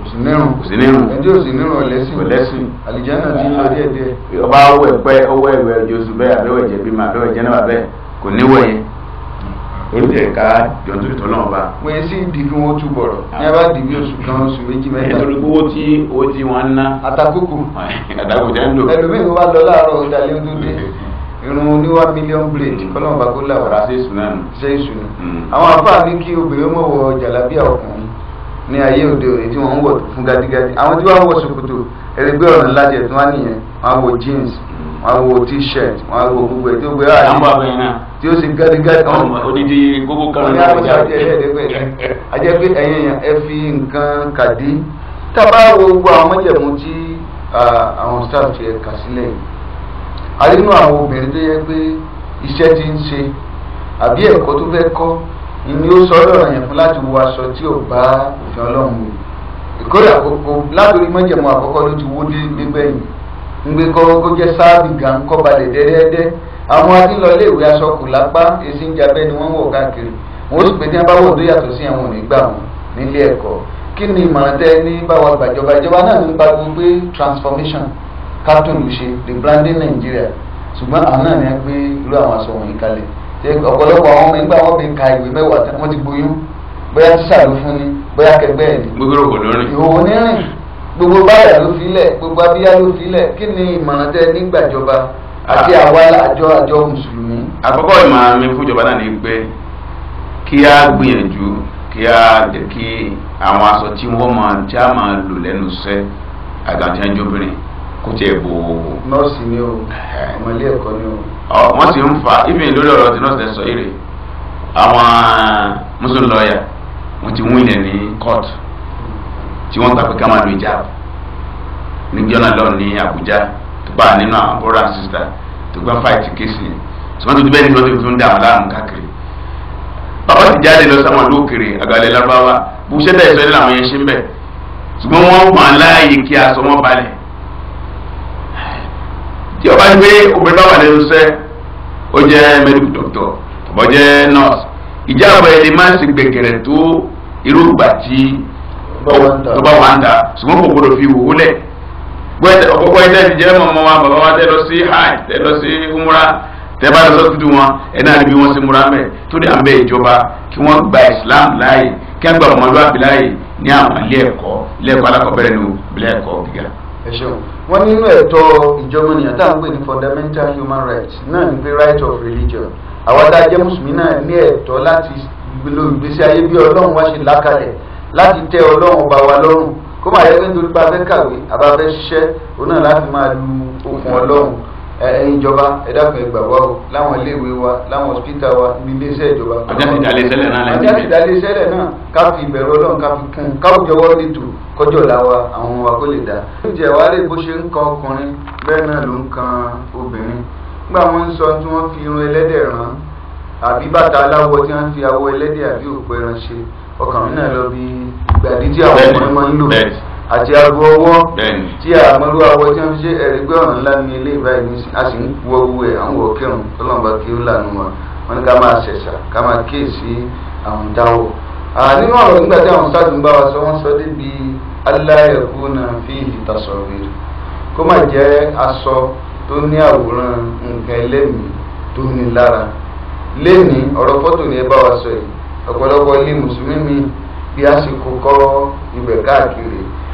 kòsínírùn kòsínírùn ẹni tí ò sí nírùn ọ̀lẹ́sìn ọ̀lẹ́sìn àlìjáná ti ń lọ díẹ̀ díẹ̀. ọba awọ ẹpẹ ọwọ ẹwẹ ojoṣù bẹ́ẹ̀ abẹwẹ jẹbi ma abẹwẹ jẹ náà bẹ́ẹ̀ kò níwọ yẹn èyí tẹ ká jọ̀ǹtò ìtọ́ náà bá. wọ́n yẹn sì di bí wọ́n tún bọ̀rọ̀ ní a bá di bí oṣù kan oṣù méjì mẹ́ta. nítorí pé owó tí owó tí wọ́n ń ná. àtàkùkù àtàkùkù tẹ́ ń lò. ẹlòmíì ló bá lọ láàárọ̀ ọ̀dàlẹ́ ọdún dé irun oníwá mílíọ̀n bíléèdì kọ́lọ́mù bá kó làwọn. ṣe é sùn náà. ṣe é sùn. àwọn afáàní kí obìnrin mọ̀ wọ jàlábíà ọkùnrin ní ayé òde òní tí wọ́n ń fún gadigadi àwọn tí wọ́n wọ̀ ṣòkòtò ẹ̀rẹ́gbẹ́ ọ̀nà ńlá tí wọ́n nìyẹn wọ́n wọ jeans wọ́n wọ t-shirt wọ́n wọ gbogbo ẹ̀ tí ó gbé àyè tí ó sì gadigadi ọ̀hún. odidi gbogbo kan ní àwùjọ ajẹ́ pé ẹ̀yin yẹn ẹ fi nǹkan kàdí tábà wo gbogbo àwọn mọ́jẹ̀mú tí àwọn staff ti ẹ̀ kà sílẹ̀ yìí àwọn obìnrin tó yẹ pé iṣẹ́ ni ó sọ ọ̀rọ̀ yẹn fún láti wo aṣọ tí ò bá òfin ọlọ́run wò ìkórè àkókò látòrí mọ́jẹ̀mú àkọ́kọ́ ló ti wó dé ńgbé kọ́ jẹ́ sáàbì gan kọ́ balẹ̀ dẹ́dẹ́dẹ́ àwọn adínlọ́lé ìwé aṣọ lápá èsì ń ni wọ́n wọ̀ káàkiri wọ́n sì pé tí wọ́n bá wọ̀ tó yàtọ̀ sí àwọn onígbà wọn nílé ẹ̀kọ́ kí ni ìmọ̀ràn ní transformation ṣe the branding Nigeria ṣùgbọ́n àwọn náà ní wọ́n gbé irú ọ̀pọ̀lọpọ̀ àwọn ọmọ ẹgbẹ́ àwọn ọmọ ẹ̀ka ìwé mẹ́wàá tí wọ́n ti gboyún bóyá tíṣà ló fún ni bóyá kẹgbẹ́ ẹ̀ ni. gbogbo rògbò lórí. ìhòòhò nírìn gbogbo báyà ló filẹ̀ gbogbo abíyá ló filẹ̀ kí ni ìmọ̀ràn tẹ nígbàjọba àti ah. àwa àjọ àjọ mùsùlùmí. àkọ́kọ́ ìmọ̀ràn mi fún ìjọba náà ni pé kí á gbìyànjú kí á jẹ́ kí àwọn aṣọ tí wọ́n máa já máa lò lẹ́nu iṣẹ́ àgàtí ẹjọ́ obìnrin kò tiẹ̀ bò ó. nọ́ọ̀sì ni o ọmọlé ẹ̀kọ́ ni o. ọ wọ́n sì ń fa ibi lórí ọ̀rọ̀ tí nọ́ọ̀sì sọ èrè àwọn uh, muslim lọ́ọ̀yà wọ́n ti wílẹ̀ ní court tí wọ́n gbà pé ká máa lo ìjáàbù níbi ọ̀nà lọ ní Àbújá tó bá nínú àwọn brother and sister tó gbá fight kéésì yẹn tí wọ́n ti dúpẹ́ nígbà tó fi ń dà wọ́n láàmú káàkiri bàbá ti jáde lọ sáwọn lókèrè àgàlẹ̀ lárúbáwá bùsẹ̀ bẹ́ẹ̀ sọ ẹ́ yẹn ṣe ń bẹ̀ ṣùgbọ́n wọ́n pọ̀ láàyè kí aṣọ wọn balẹ̀ tí o bá ń gbé obìnrin bá wà lẹ́nu iṣẹ́ ó jẹ́ medical doctor tọ́bọ̀ jẹ́ nurse ìjà àbọ̀ ẹni máa ń sì gbẹ̀gẹ̀rẹ̀ tó irú ìgbà tí tó bá wà ń dà ṣùgbọ́n kò gbọdọ̀ fi wò ó lẹ̀ ọkọ̀ ilé ti mọ̀mọ́ wa bàbá wa tẹ́ lọ sí hajj tẹ́ lọ sí umra tẹ́ bá lọ sọ́kùtù wọn ẹ̀ náà níbi wọn sí múra mẹ́ tó dé àmì ìjọba kí wọ́n gba Islam láàyè kí wọ́n gba ọmọlúwàbí láàyè ní àwọn ilé ẹ̀kọ́ ilé ẹ̀kọ́ alákọ̀ọ́bẹ̀rẹ̀ ní ilé ẹ̀kọ́ gíga. ẹ ṣeun wọ́n nínú ẹ̀tọ́ ìjọmọnìyàn tá à ń pè ní fundamental human rights náà ní pé right of religion àwọn tá a jẹ́ mùsùlùmí náà ní ẹ̀tọ́ láti lo ìgbésí ayé bí ọlọ́run wá ṣe lákàlẹ̀ láti tẹ́ ọlọ́run ọba wa lọ́rùn kó má yẹ pé nítorí pé a fẹ́ kàwé àbá fẹ́ ṣiṣẹ́ òun náà láti máa lu okùn ọlọ́run ẹ̀yin ìjọba ẹ dákun ẹgbà wa o láwọn iléèwé wa láwọn hospital wa ní iléeṣẹ́ ìjọba. ọjà ti dalẹ̀ sẹ́lẹ̀ náà lẹ́yìn ọjà ti dalẹ̀ sẹ́lẹ̀ náà ká fi ìbẹ̀rù wa àwọn wa kó lè dá. ǹjẹ́ wàá lè bó ṣe ń kan ọkùnrin bẹ́ẹ̀ náà ló ń kan obìnrin nígbà wọn ń sọ tí wọ́n fi irun ẹlẹ́dẹ̀ rán àbí bàtà aláwọ̀ tí wọ́n fi awọ ẹlẹ́dẹ̀ àbí òpó ẹran ṣe ọkàn mi náà lọ bí ìgbàdí tí àwọn ọkùnrin máa ń lò àti aago ọwọ́ tí àmọ́rú àwọ̀ tí wọ́n fi ṣe ẹ̀rígbẹ́ ọ̀nà ńlá ní ilé ìbáyìí ní a sì ń wo owó ẹ̀ àwọn òkèrùn tọ́lọ́mọba kí ó lànà wọn wọn ní ká máa ṣẹ̀ṣà ká máa kíyèsí àwọn dáwọ̀. nínú ọ̀rọ̀ nígbà tí àwọn sáàdù ń bá wa sọ wọ́n sọ débi aláyẹ̀kú na fi ìtasọ̀ rèé kó má jẹ́ aṣọ tó ní àwòrán nǹkan ẹlẹ́mìí tó ní lára lẹ́ni ọ̀rọ̀ fọ́tò ni ẹ bá wa sọ yìí ọ̀pọ̀lọpọ̀ ilé mùsùlùmí mi bí a ṣe kó ibẹ̀ káàkiri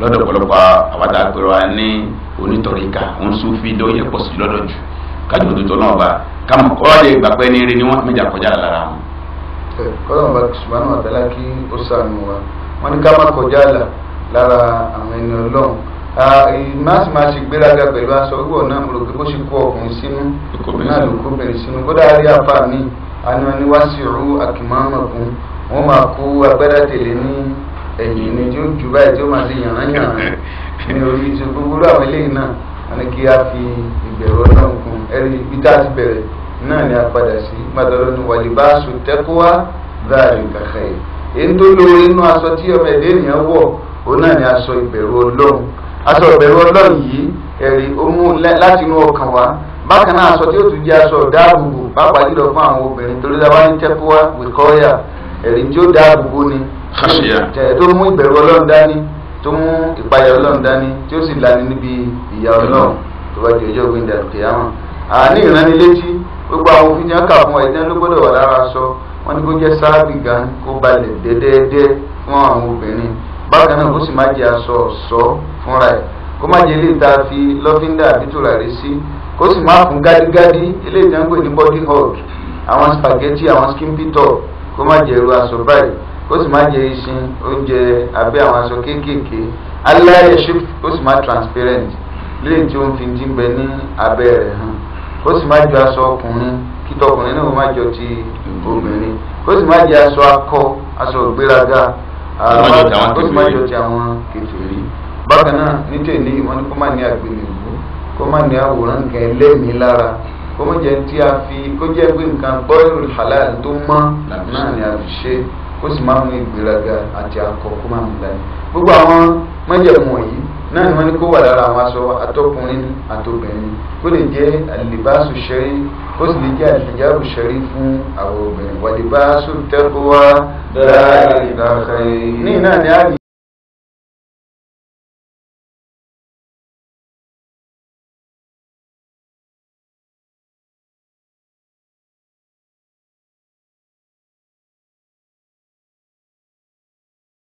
lọ́dọ̀ pọ̀lọpọ̀ àwàdà àpérò wa ní onítọ̀ríkà òun súnfí dọ́yẹ pọ̀ sí lọ́dọ̀ jù kájọ tó náà bá kámọ̀ kọ́lé gbàgbẹ́ ní eré ni wọ́n méjà kọjá lára wọn. kọ́lọ́mù bá sùmánù àtàlà kí ó sànù wa wọ́n ní ká má kọjá là lára àwọn ẹni ọlọ́run máàsì máa ṣe gbéraga pẹ̀lú aṣọ wíwọ̀ náà mo rò pé bó ṣe kó ọkùnrin sínú náà ló kó bẹ̀rẹ̀ sínú kódà rí àfa àná ni wá sí ìrú àkìmọ́ ọmọkùnrin wọ́n máa kó agbẹ́dá tèlé ní ẹ̀yìn ni tí ó jù báyìí tí ó máa ṣe yànrán yànrán ní orí iṣu gbogbo àwọn eléyìí náà wọn ni kí a fi ìbẹ̀rù ọlọ́run kún ẹ̀rí ibi tá a ti bẹ̀rẹ̀ náà ni a padà sí gbàdọ̀rọ̀ ni wàlíbáṣu tẹ́kọ́wá dáàrí kàkà yìí èyí tó lóore inú aṣọ tí ọmọ ẹ̀dẹ́ ènìyàn wọ̀ òun náà ni aṣọ ìbẹ̀rù ọlọ́run aṣọ ìbẹ̀rù ọlọ́run yìí ẹ̀rí ó mú láti inú ọkàn wá bákan náà aṣọ tí ó tún jẹ́ aṣọ ìdáàbòbò pàápàá jùlọ fún àwọn obìnrin torí dáwà ní tẹ́kọ́wá wìkọ́yà ẹ̀rí tí ó dáàbò bò ni tó mú ìbẹ̀rù ọlọ́run dání tó mú ìpayà ọlọ́run dání tí ó sì lani níbi ìyà ọlọ́run tó bá di ọjọ́ gbẹ̀ndà kìyàmọ́ àní ìránnilétí gbogbo àwọn òfin yẹn kà fún ẹ̀dẹ́ ló gbọ́dọ̀ wà lára aṣọ wọn ni kó jẹ́ sáàbì gan kó balẹ̀ dẹ́dẹ́dẹ́ fún àwọn obìnrin bákan náà kó sì má jẹ́ aṣọ ọ̀ṣọ́ fúnra ẹ̀ kó má jẹ́ ilé ìta fi lọ́fíńdà àbí tùràrí sí kó sì má fún gádígádí ilé ìdánwò ní body hug àwọn spaghetti àwọn skin pit up kó má jẹ irú aṣọ báyìí kó sì má jẹ iṣin oúnjẹ abẹ́ àwọn aṣọ kéékèèké alẹ́ ṣíp kó sì má transparent léyìn tí ó ń fi dín gbẹ ní abẹ́ rẹ̀ hàn kó sì má jọ aṣọ ọkùnrin kí tọkùnrin náà má jọ ti obìnrin kó sì má jẹ aṣọ akọ aṣọ ìgbéraga kó sì má jọ ti àwọn kèfèrí bákan náà nítòní wọn ni kó má ní àgbélébùú kó má ní àwòrán kan ẹlẹ́mìí lára kọ́mọ jẹ́ tí a fi kó jẹ́ pé nǹkan bọ́ọ̀lù halal tó mọ́ náà ni a fi ṣe kó sì máa mú ìgbéraga àti akọ kó máa mú dání gbogbo àwọn májẹ̀mú yìí náà ni wọ́n ní kó wà lára àwọn aṣọ atọ́kùnrin àtobìnrin kó lè jẹ́ àlìbáṣu ṣẹ́rí kó sì lè jẹ́ àlìjáàbù ṣẹ́rí fún àwọn obìnrin wàlìbáṣu tẹ́kọ̀ọ́ wá ní náà ni a